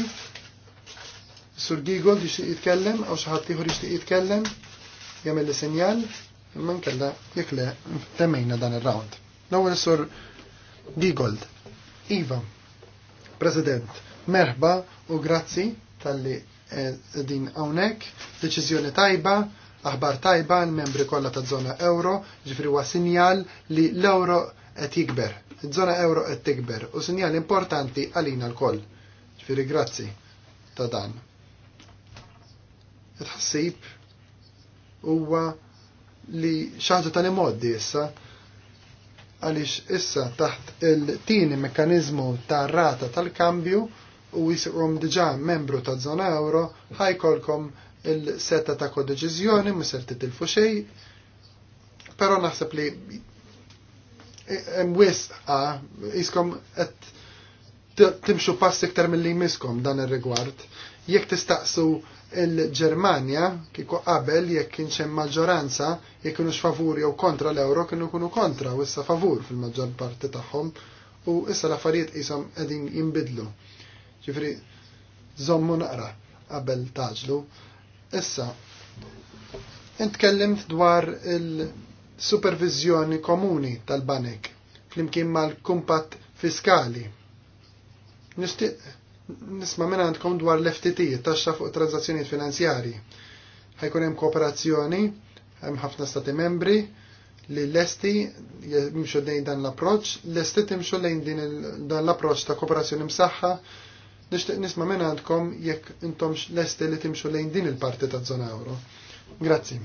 Sur Gigol jixtieq jitkellem għaw xi tiħur ieħor jitkellem jagħmel li sinjal imma nkella jikle temmejna dan ir-round. l sur Gigold. Iva, President, merħba u grazzi tal-li Eh, din hawnhekk, deċiżjoni tajba, aħbar tajba l-membri kollha ta' żona euro, ġifri huwa sinjal li l-euro qed jikber, iż-żona euro qed tikber u sinjal importanti għalina l-koll. Ġifieri grazzi ta' dan. Itħassib huwa li xaħġa tal-imoddi issa għalix issa taħt il-tini mekkaniżmu ta' rata tal-kambju u jisqom diġa membru ta' zona euro ħajkolkom il seta ta' kodeċizjoni, mu ser titilfu xej, pero naħseb li mwisqa jiskom qed timxu pass iktar mill-li jmiskom dan ir-rigward. Jekk tistaqsu il-Ġermanja kieku qabel jekk kienx hemm maġġoranza jekk kienux favur jew kontra l-euro kienu kienu kontra u issa favur fil-maġġor parti tagħhom u issa l-affarijiet qishom qegħdin jinbidlu. Ġifri, zommu naqra qabel taġlu. Issa, intkellimt dwar il-supervizjoni komuni tal-banek flimkien mal-kumpat fiskali. Nistiq nisma' minn għandkom dwar l-FTT, taxxa fuq transazzjoniet finanzjarji. Ħajkun hemm kooperazzjoni, hemm ħafna stati membri, li l-esti jimxu lejn dan l-approċ, l-esti timxu lejn din dan l-approċ ta' kooperazzjoni msaħħa Nixtieq nisma' minn għandkom jekk intomx lesti li timxu lejn din il-parti ta' żona euro. Grazzi.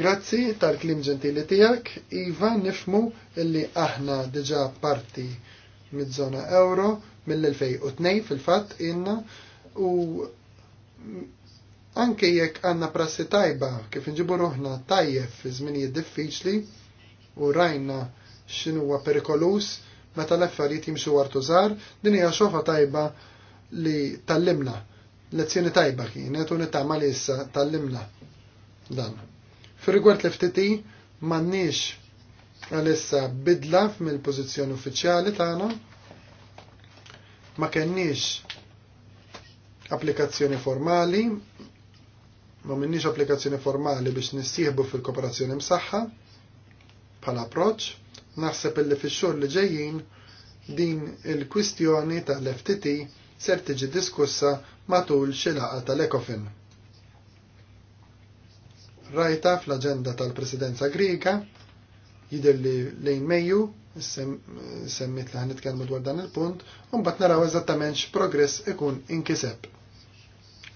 Grazzi tal-klim ġentili tiegħek, Iva nifmu illi aħna diġa' parti mid-żona euro mill-2002 fil-fatt inna u anke jekk għanna prassi tajba kif nġibu ruħna tajjeb fi żminijiet diffiċli u rajna x'inhuwa perikolus meta l-affarijiet jimxu żgħar din hija xofa tajba li tallimna. Lezzjoni tajba kienet u nittama li issa tallimna dan. Fir-rigward l-FTT m'għandniex għalissa bidla mill-pożizzjoni uffiċjali tagħna ma kenniex applikazzjoni formali ma minnix applikazzjoni formali biex nissieħbu fil-kooperazzjoni msaħħa bħala approċ Naħseb illi fix-xhur li ġejjin din il-kwistjoni tal-FTT ser tiġi diskussa matul xi laqgħa tal-Ekofin. Rajta fl-aġenda tal-Presidenza Griega jidher li lejn Mejju semmit li ħanitkellmu dwar dan il-punt u mbagħad naraw eżattament x'progress ikun inkiseb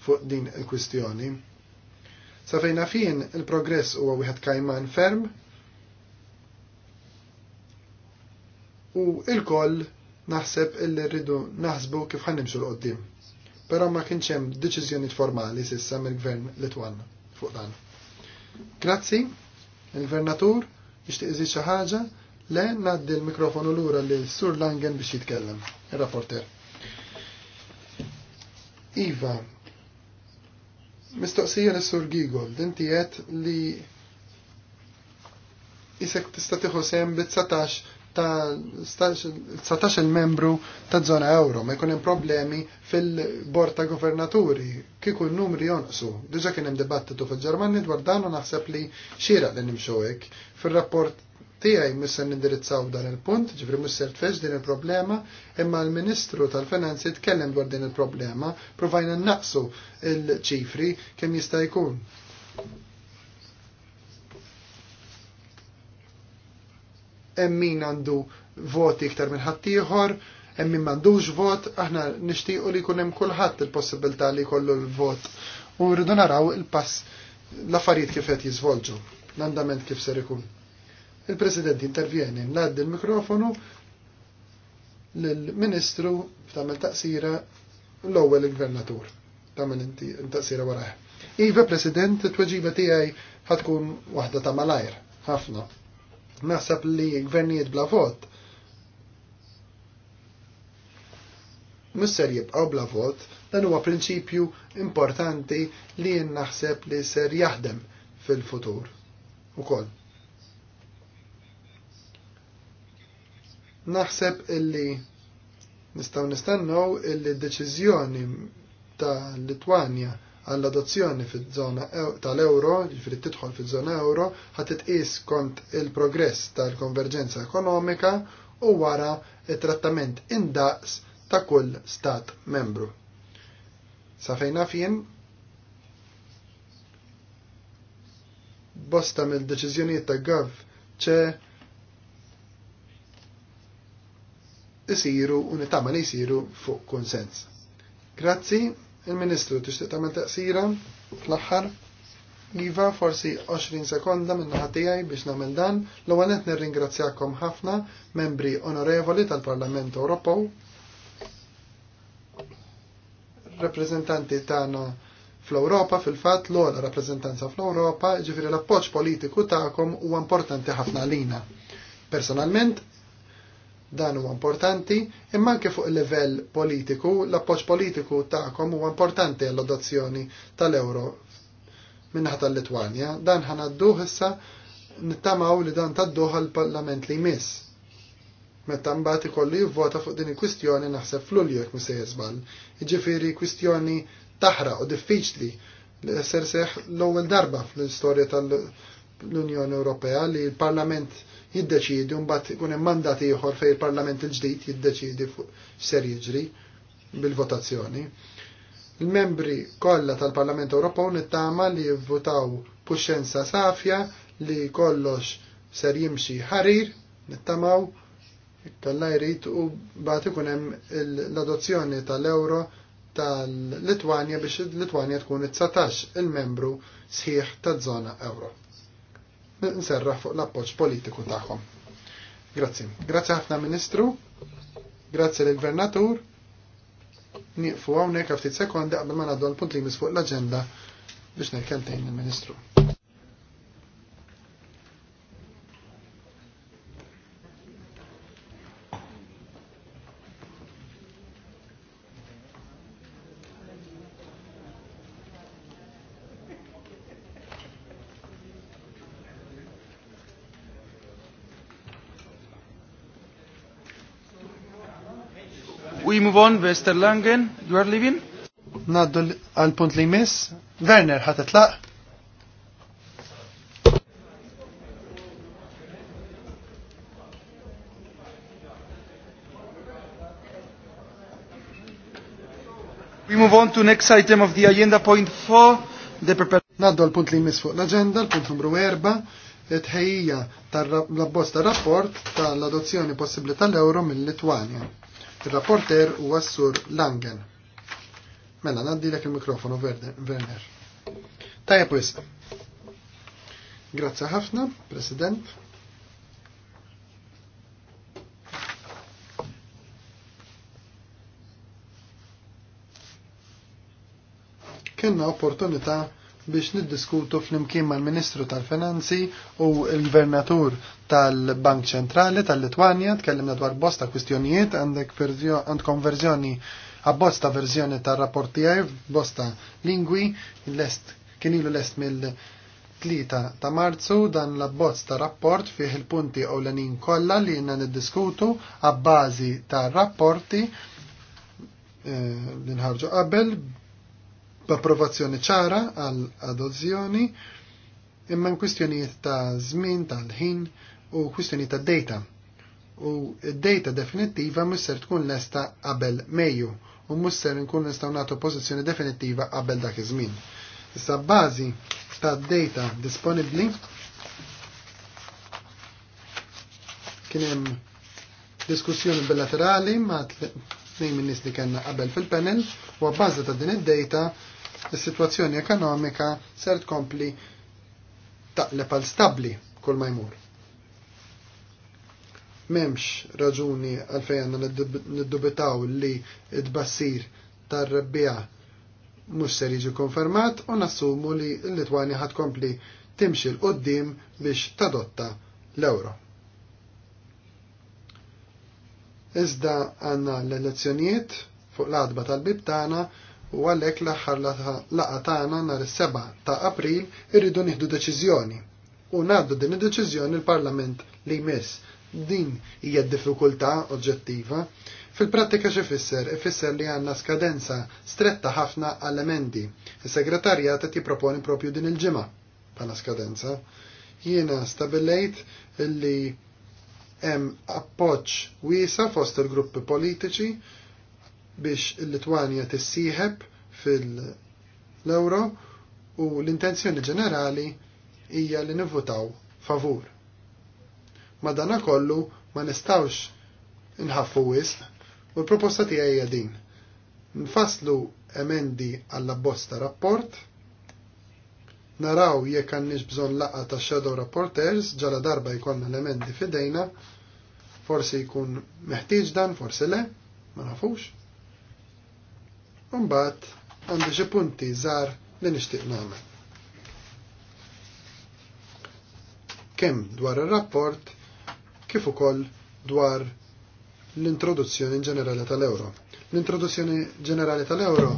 fuq din il-kwistjoni. Sa fejna fin il-progress huwa wieħed kajman ferm u il-koll naħseb illi rridu naħsbu kif ħannimxu l-qoddim. Pero ma kienx hemm formali sissa mill-gvern Litwan fuq dan. Grazzi, il-vernatur, ixtieq iżid xi ħaġa, le ngħaddi l-mikrofonu lura li Sur Langen biex jitkellem, ir-rapporter. Iva, mistoqsija li sur Gigol, dinti li isek tista' tieħu sem bit 19 ta' 19 membru ta' zona euro, ma jkun hemm problemi fil-bord ta' governaturi, kieku n-numri jonqsu. Diġa kien hemm dibattitu fil ġermanni dwar dan u naħseb li xira li nimxu hekk. Fir-rapport tiegħi missen nindirizzaw dan il-punt, ġifri misser tfex din il-problema, imma l-Ministru tal-Finanzi tkellem dwar din il-problema, provajna naqsu il-ċifri kemm jista' jkun. hemm min għandu voti iktar minn ħaddieħor, hemm min m'għandux vot, aħna nixtiequ li jkun hemm kulħadd il-possibilità li jkollu l-vot. U rridu naraw il-pass l-affarijiet kif qed jiżvolġu, l-andament kif ser ikun. Il-President intervjeni, ngħaddi l-mikrofonu lill-Ministru tagħmel taqsira l-ewwel il-Gvernatur. Tagħmel inti taqsira warah. Iva President, it-tweġiba tiegħi ħadkun waħda ta' malajr, ħafna. Naħseb li gvernijiet bla vot misser jibqaw bla vot, dan huwa prinċipju importanti li naħseb li ser jaħdem fil-futur ukoll. Naħseb illi nistaw nistannu illi d-deċiżjoni ta' Litwanja għall-adozzjoni fiż-żona tal-euro, ġifieri tidħol fil żona euro, ħadd titqis kont il-progress tal-konverġenza ekonomika u wara il trattament indaqs ta' kull stat membru. Sa fejna bosta mill-deċiżjonijiet ta' Gov, ċe isiru u li jisiru fuq konsens. Grazzi, Il-Ministru tixtieq tagħmel taqsira fl-aħħar. Iva, forsi 20 sekonda minn tiegħi biex nagħmel dan. L-ewwel qed nirringrazzjakom ħafna membri onorevoli tal-Parlament Ewropew. Rappreżentanti tagħna fl ewropa fil fatt l-għola rappreżentanza fl ewropa ġifieri l appoġġ politiku tagħkom huwa importanti ħafna lina. Personalment, Dan huwa importanti, imma anke fuq il-livell politiku, l-appoġġ politiku tagħkom huwa importanti għall-adozzjoni tal-euro minnaħa tal-Litwanja. Dan ħanadduh issa nittamaw li dan tadduh għall-Parlament li jmiss. Meta mbagħad ikollu jivvota fuq din il-kwistjoni naħseb f'Lulju jekk se jeżbal. Jiġifieri kwistjoni taħraq u diffiċli li ser seħ l-ewwel darba fl-istorja tal-Unjoni Ewropea li l-Parlament jiddeċidi mbagħad ikun hemm mandat ieħor fejn il-Parlament il-ġdid jiddeċidi fuq ser jiġri bil-votazzjoni. Il-membri kollha tal-Parlament Ewropew nittama li jivvutaw puxenza safja li kollox ser jimxi ħarir, nittamaw kollha jrid u bat ikun hemm l-adozzjoni tal-euro tal-Litwanja biex Litwanja tkun it satax il-membru sħiħ taż-żona euro. Nserra fuq l-appoġġ politiku tagħhom. Grazzi. Grazzi ħafna Ministru, grazzi l-Gvernatur, nieqfu hawnhekk t sekonda qabel ma naddu għal punt li jmiss fuq l-aġenda biex ngħid il-Ministru. move on, Wester Langen, you are leaving? Naddu għal-punt li jmiss. Werner, itlaq. We move on to next item of the agenda, point 4. The Naddu għal-punt li jmiss fuq l-agenda, l-punt numru 4, it-ħejja tal-abbozz tal-rapport tal-adozzjoni possibli tal-euro mill-Litwanja. Il-rapporter u għassur Langen. Mela, naddilek il-mikrofonu, Werner. Tajja pwis. Grazie ħafna, President. Kenna opportunità biex niddiskutu fl-imkien mal-Ministru tal-Finanzi u l-Gvernatur tal-Bank Ċentrali tal-Litwanja, tkellimna dwar bosta kwistjonijiet, għandek għandkom verżjoni għabbosta ta' verżjoni tar-rapport tiegħi bosta lingwi, lest kien ilu lest mill- 3 ta' marzu dan l bosta ta' rapport fih il-punti ewlenin kollha li jenna niddiskutu għabbazi tal rapporti eh, li ħarġu qabel b'approvazzjoni ċara għal adozzjoni imma kwistjonijiet ta' żmien tal-ħin u kwistjonijiet ta' data. U id data definittiva musser tkun lesta qabel Mejju u musser nkun nistgħu nagħtu pożizzjoni definittiva qabel dak iż-żmien. Issa bażi ta' data disponibbli kien hemm diskussjoni bilaterali ma' tnejn min-nies li kellna qabel fil-panel u għabbażi ta' din id-data is-sitwazzjoni ekonomika ser tkompli taqleb għal stabli kull ma jmur. Memx raġuni għalfejn niddubitaw li id-bassir tar-rebbija mux ser jiġi konfermat u nassumu li l-Litwani ħad kompli timxi l-qoddim biex tadotta l-euro. Iżda għanna l-elezzjonijiet fuq l-adba tal-bib tagħna u għalhekk l-aħħar laqgħa tagħna nhar is-7 ta' April irridu nieħdu deċiżjoni u ngħaddu din id-deċiżjoni l-Parlament li jmiss. Din hija diffikultà oġġettiva. Fil-prattika fisser, ifisser li għanna skadenza stretta ħafna għall-emendi. Il-segretarjat qed jipproponi propju din il-ġimgħa bħala skadenza. Jiena stabillejt li hemm appoġġ wiesa fost il-gruppi politiċi biex il-Litwanja tissieħeb fil-euro u l-intenzjoni ġenerali hija li nivvutaw favur. Madana kollu ma nistawx inħaffu wisq u l-proposta tiegħi hija din. Nfasslu emendi għall bosta rapport, naraw jekk għandniex bżonn laqgħa ta' shadow rapporters ġala darba jkollna l-emendi fidejna, forsi jkun meħtieġ dan, forsi le, ma nafux Mbagħad għandi xi punti żgħar li nixtieq nagħmel. Kemm dwar ir-rapport kif ukoll dwar l-introduzzjoni ġenerali tal-euro. L-introduzzjoni ġenerali tal-euro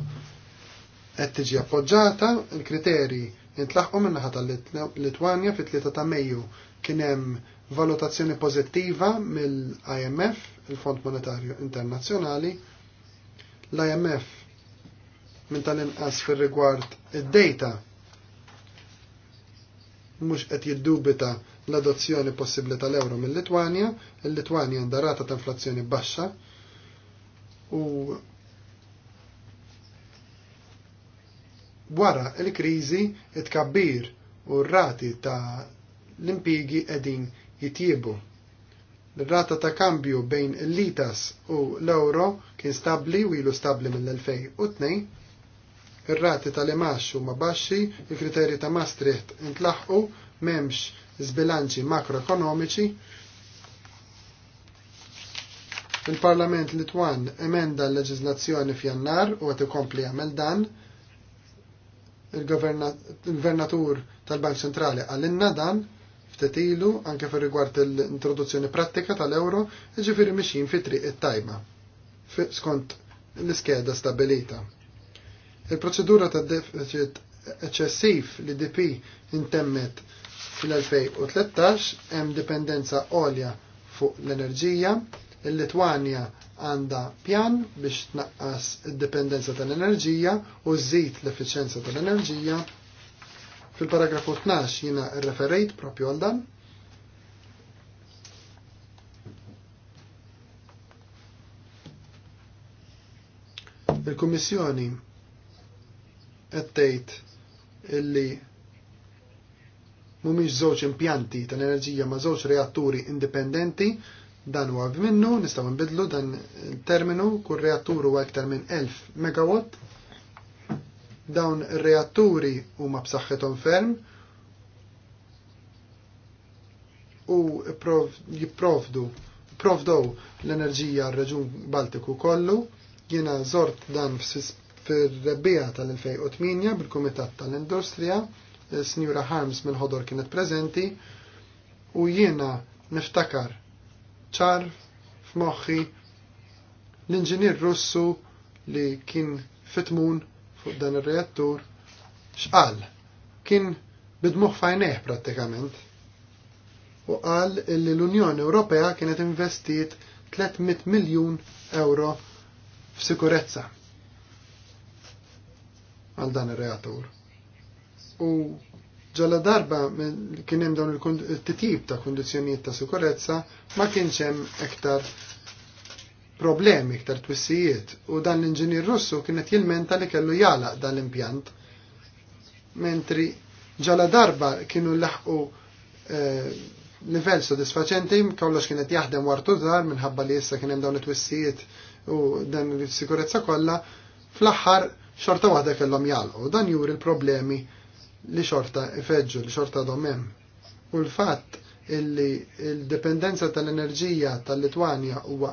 qed tiġi appoġġata, il-kriteri intlaħqu minnaħa tal-Litwanja fit-3 ta' Mejju kien hemm valutazzjoni pożittiva mill-IMF, il-Fond Monetarju Internazzjonali. L-IMF minn tal-inqas fir-rigward id-data mhux qed jiddubita l-adozzjoni possibbli tal-euro mill-Litwanja, il-Litwanja għandha rata ta' inflazzjoni baxxa u wara l-kriżi it tkabbir u r-rati ta' l-impigi qegħdin jitjiebu. L-rata ta' kambju bejn il-litas u l-euro kien stabli u ilu stabli mill-2002 ir-rati tal-imax huma baxxi, il-kriterji ta' Maastricht intlaħqu, m'hemmx zbilanċi makroekonomiċi. Il-Parlament Litwan emenda l leġislazzjoni f'jannar u qed ikompli jagħmel dan. Il-Gvernatur tal-Bank Ċentrali għalinna dan ftit ilu anke fir rigward l-introduzzjoni prattika tal-euro, ġifieri mixjin fi triq it-tajba skont l-iskeda stabilita. Il-proċedura ta' deficit eċessiv li DP intemmet fil-2013 hemm dipendenza għolja fuq l-enerġija, il-Litwanja għanda pjan biex tnaqqas id-dipendenza tal-enerġija u żżid l-effiċenza tal-enerġija. Fil-paragrafu 12 jina referejt propju għal dan. Il-Kummissjoni qed illi mhumiex żewġ impjanti tal-enerġija ma' żewġ reatturi indipendenti dan huwa minnu nistgħu nbidlu dan terminu kull reatturu għak iktar minn 1000 megawatt dawn reatturi reatturi huma b'saħħithom ferm u jipprovdu provdow l-enerġija r-reġun Baltiku kollu jiena zort dan fir-rebbija tal-2008 bil-Kumitat tal-Industrija, eh, Snjura Harms mill-ħodor kienet preżenti u jiena niftakar ċar f'moħħi l-inġinier Russu li kien fitmun fuq dan ir-reattur x'qal. Kien bidmuħ fajneħ prattikament. U qal li l-Unjoni Ewropea kienet investit 300 miljun euro f'sikurezza għal dan ir-reatur. U ġala darba kien hemm dawn il titjib ta' kundizzjonijiet ta' sikurezza ma kienx hemm iktar problemi iktar twissijiet u dan l-inġinier Russu kienet jilmenta li kellu jalaq dan l-impjant. Mentri ġala darba kienu laħqu eh, livell sodisfaċenti, kollox kienet jaħdem wartu żgħar minħabba li issa kien hemm dawn it-twissijiet u dan is sikurezza kollha, fl-aħħar xorta wahda kellhom jalqu. Dan juri l-problemi li xorta ifeġġu, li xorta domem. U l-fatt illi l-dependenza tal-enerġija tal-Litwanja huwa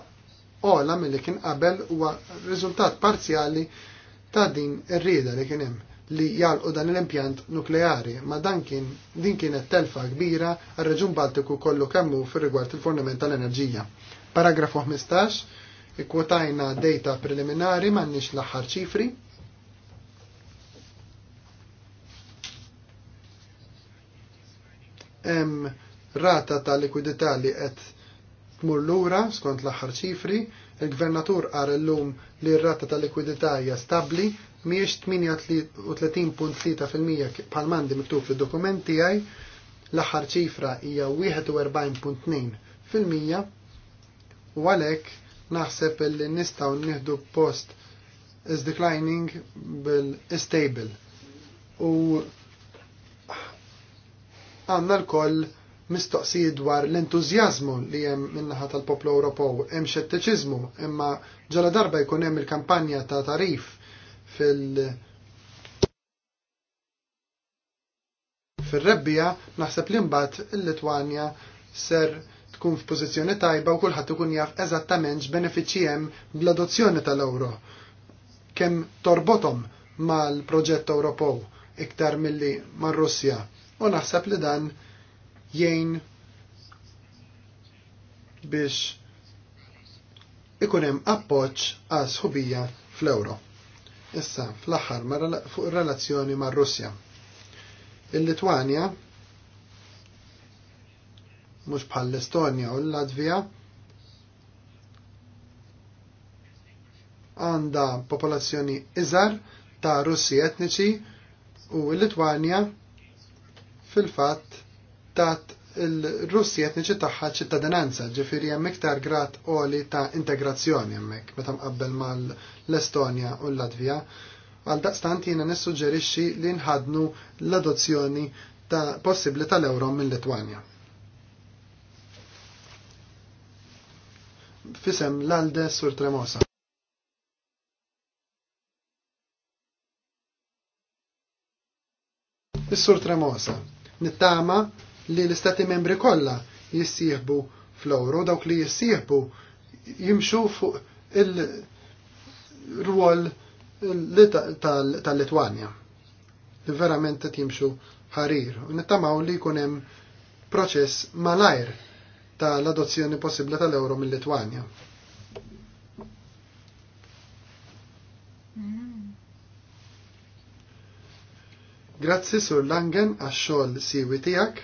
ola mill-li kien qabel huwa riżultat parzjali ta' din ir-rieda li kien hemm li jalqu dan l-impjant nukleari, ma dan kien din kienet telfa kbira għal reġun Baltiku kollu kemmu fir rigward il-fornament tal-enerġija. Paragrafu 15, ikkwotajna data preliminari m'għandniex l-aħħar ċifri, hemm rata ta' likwidità li qed tmur lura skont l-aħħar ċifri, il-gvernatur qar illum li r-rata ta' likwidità hija stabbli mhijiex 38.3% bħal mandi miktub fid-dokument tiegħi, l-aħħar ċifra hija 41.2% u għalhekk naħseb li nistgħu nieħdu post is declining bil-stable. U għandna l-koll mistoqsijiet dwar l-entużjażmu li hemm minnaħat tal-poplu Ewropew, hemm xettiċiżmu, imma ġala darba jkun hemm il-kampanja ta' tarif fil- fil-rebbija naħseb li mbagħad il-Litwanja ser tkun f'pożizzjoni tajba u kulħadd ikun jaf eżattament x'benefiċċji hemm bl-adozzjoni tal-ewro. Kemm torbothom mal-proġett Ewropew iktar milli mar-Russja u naħseb li dan jgħin biex ikun hemm appoġġ għas hubija fl-euro. Issa, fl-aħħar fuq relazzjoni mar Russja. Il-Litwanja mhux bħal l estonia u l-Latvija għanda popolazzjoni iżgħar ta' Russi etniċi u l-Litwanja fil-fatt tat il-Russija etniċi tagħha ċittadinanza, ġifieri hemm iktar grad oli ta' integrazzjoni hemmhekk meta mqabbel mal-Estonja u l-Latvija. Għal daqstant jiena nissuġġerixxi li nħadnu l-adozzjoni ta' possibbli tal-euro minn Litwanja. Fisem l-Alde Sur Tremosa. Is-Sur Tremosa Nittama li l-istati membri kollha jissieħbu fl-euro, dawk li jissieħbu jimxu fuq il-rwol tal-Litwanja. Li verament qed jimxu ħarir. U nittamaw li jkun hemm proċess malajr tal-adozzjoni possibbli tal-euro mill litwania Mm -hmm. Grazzi sur Langen għax xogħol siwi tiegħek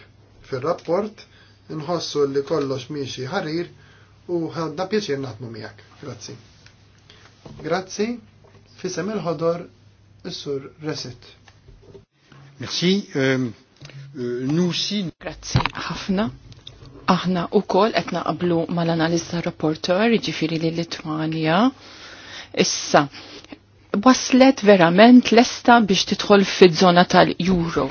fir-rapport nħossu li kollox miexi ħarir u ħadna pjaċir naħdmu miegħek. Grazzi. Grazzi, fisem il-ħodor is-sur Resit. Merci. Euh, euh, Nusi. Grazzi ħafna. Aħna u koll etna qablu mal analista ta' rapporter, ġifiri li Litwania Issa, waslet verament lesta biex titħol fil żona tal-Euro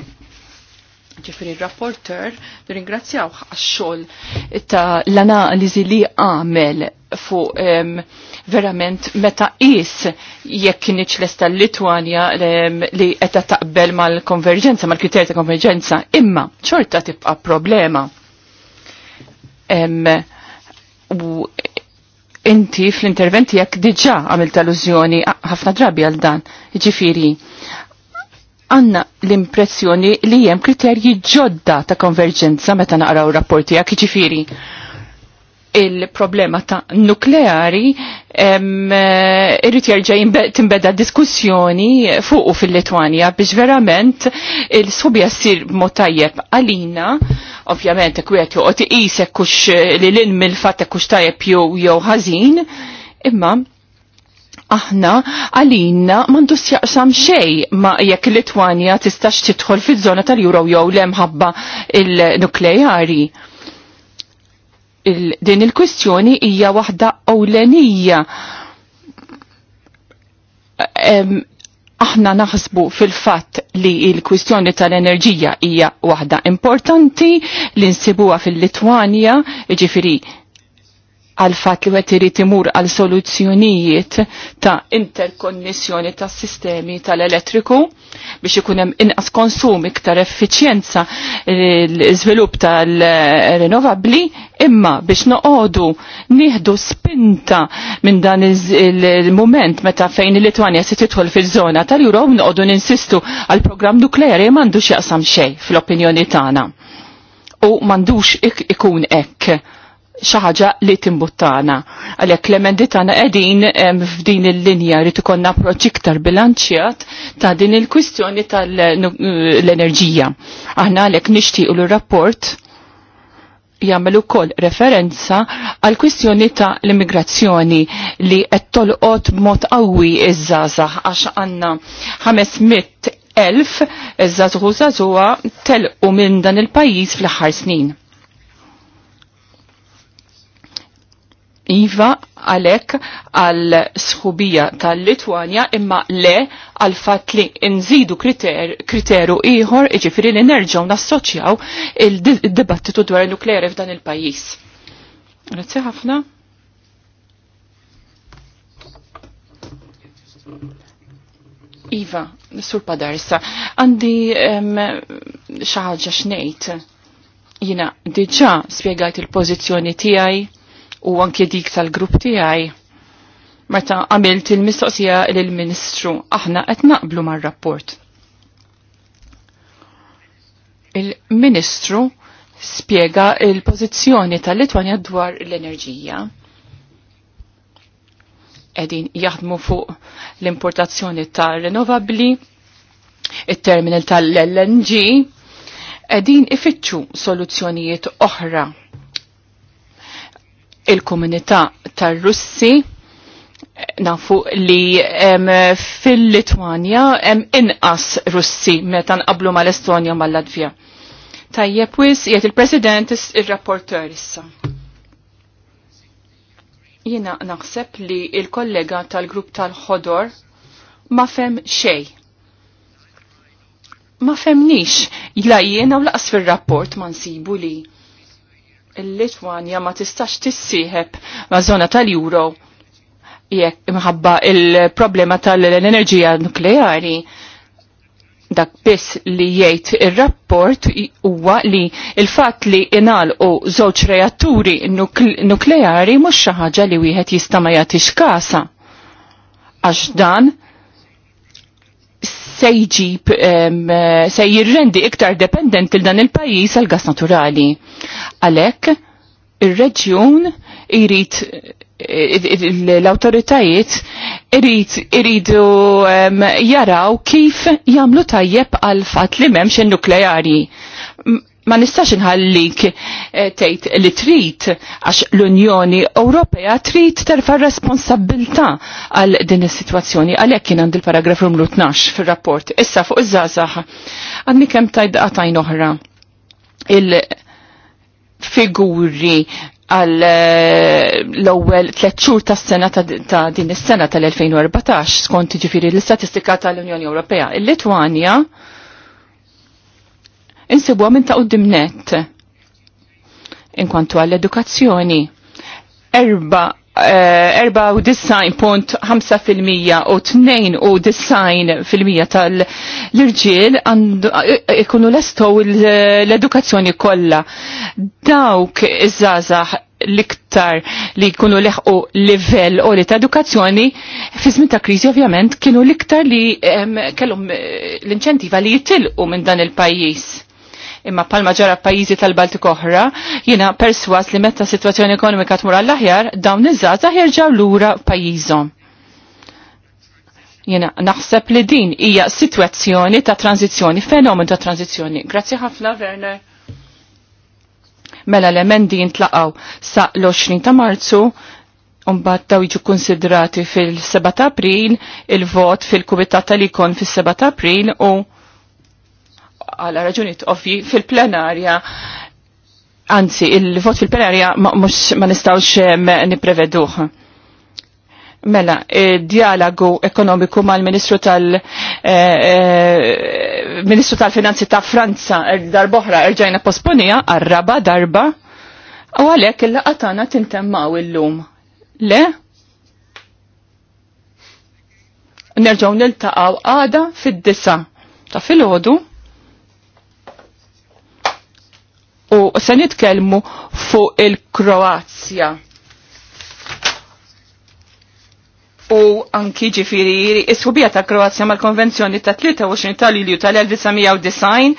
ġifiri rapporter, ringrazzjaw għax-xogħol ta' l-analiżi li għamel fuq um, verament meta is jekk kienx lesta l-Litwanja um, li qed taqbel mal-konverġenza, mal-kriterji ta' konverġenza, imma xorta tibqa' problema. Um, u inti fl-interventi jekk diġa għamil tal-użjoni ħafna drabi għal dan, ġifiri. Għanna l-impressjoni li jem kriterji ġodda ta' konverġenza meta naqraw rapporti għak ġifiri. Il-problema ta' nukleari eh, irrit jarġa timbeda diskussjoni fuq u fil-Litwanja biex verament il-subja sir motajjeb għalina Ovvjament kwiet joqgħod iqisek kux eh, li lin mill-fatt kux tajjeb jew jew ħażin, imma aħna għalina mandus jaqsam xej ma jekk Litwanja tistax tidħol fiż-żona tal juraw jew le emħabba il-nukleari il, din il-kwistjoni hija waħda ewlenija. Aħna naħsbu fil-fatt li il-kwistjoni tal-enerġija hija waħda importanti li nsibuha fil-Litwanja, ġifiri għal fat li għetiri timur imur għal soluzzjonijiet ta' interkonnessjoni ta' sistemi tal-elettriku biex ikun hemm inqas konsum iktar effiċjenza l-iżvilupp tal renovabli imma biex noqogħdu nieħdu spinta minn dan il-mument meta fejn il-Litwanja se tidħol fil żona tal-Euro noqodu ninsistu għal programm nukleari m'għandux jaqsam xejn fl-opinjoni tagħna. U m'għandux ikun hekk xaħġa li timbuttana. Għalja Klemendi tana edin f'din il-linja li tikonna approċ iktar bilanċjat ta' din il-kwistjoni tal-enerġija. Aħna għalek u l-rapport jagħmel ukoll referenza għal kwistjoni ta' l-immigrazzjoni li qed tolqot b'mod qawwi iż-żgħażagħ għax għandna 500 elf iż-żagħżugħ telqu minn dan il-pajjiż fl-aħħar snin Iva għalek għal sħubija tal-Litwanja imma le għal fat li nżidu kriteru iħor iġifiri li nerġaw nassoċjaw il-dibattitu dwar nukleari f'dan il-pajis. Grazie ħafna. Iva, sur padarsa, għandi xaħġa xnejt jina diġa spiegħajt il-pozizjoni tijaj u anke dik tal-grupp tiegħi. Meta għamilt il-mistoqsija lill-Ministru aħna qed naqblu mar-rapport. Il-Ministru spjega il-pożizzjoni tal-Litwanja dwar l-enerġija edin jaħdmu fuq l-importazzjoni ta' renovabli, il-terminal tal-LNG, edin ifittxu soluzzjonijiet oħra il-komunità tar-Russi nafu li fil-Litwanja hemm inqas Russi meta nqablu mal-Estonja mal-Latvja. Tajjeb wis jgħid il-President ir-rapporter issa. Jiena naħseb li il-kollega tal-grupp tal-ħodor ma fem xej. Ma femnix, jla jiena u laqas fil-rapport ma nsibu li il-Litwanja ma tistax tissieħeb ma' zona tal-Euro jekk imħabba il-problema tal-enerġija nukleari dak biss li jgħid ir-rapport huwa li il-fatt li inalqu żewġ reatturi nukleari mhux xi ħaġa li wieħed jista' ma jagħtix kasa. Għax dan se jġib se jirrendi iktar dependent il dan il-pajis għal gas naturali. Għalek, il-reġjun irrit l-autoritajiet irrit um, jaraw kif jamlu tajjeb għal fat li memx il-nukleari ma nistax inħallik eh, tgħid li trid għax l-Unjoni Ewropea trid terfa' responsabilità għal din is-sitwazzjoni għalhekk kien għandi l-paragraf numru 12 fir-rapport. Issa fuq iż-żgħażagħ għandni kemm tajt qatajn oħra il-figuri għal eh, l-ewwel tlet xhur tas-sena ta' din is-sena tal-2014 skont jiġifieri l-istatistika tal-Unjoni Ewropea. Il-Litwanja il il litwanja insibuha minn ta' qudiem net. Inkwantu għall-edukazzjoni. Erba' eh, erba u design punt 5% u 2 u design fil-mija tal-irġiel eh, ikunu l-estow l-edukazzjoni kollha. Dawk iż-żazax liktar li jkunu leħqu livell u li ta' edukazzjoni fi żmien ta' kriżi ovvjament kienu liktar li kellhom eh, l-inċentiva li jitilqu minn dan il-pajjiż imma palma ġara pajjiżi tal-Baltik oħra, jiena perswas li meta situazzjoni ekonomika tmur għall-aħjar, dawn iż-żgħażagħ jerġgħu lura pajjiżhom. Jiena naħseb li din hija sitwazzjoni ta' tranzizzjoni, fenomen ta' tranzizzjoni. Grazzi ħafna, Werner. Mela l-emendi jintlaqgħu sa' l-20 ta' Marzu, Umbat daw jiġu konsidrati fil-7 april, il-vot fil-kubitat tal-ikon fil-7 april u għala raġunit ovvi fil-plenarja anzi, il-vot fil-plenarja ma nistawx niprevedduħ. Mela, e, dialogu ekonomiku mal-Ministru tal-Ministru e, e, tal-Finanzi ta' Franza er, darboħra erġajna posponija għarraba darba u għalek il-laqatana tintemmaw il-lum. Le? Nerġaw nil-taqaw għada fid-disa ta' fil-ħodu u se nitkellmu fuq il-Kroazja. U anki ġifiri, is-subija ta' Kroazja mal-Konvenzjoni ta' 23 tal-Ilju tal-1990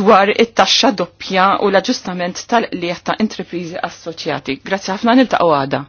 dwar it-taxxa doppja u l-aġustament tal lieta ta' assoċjati. Grazzi ħafna niltaqgħu għada.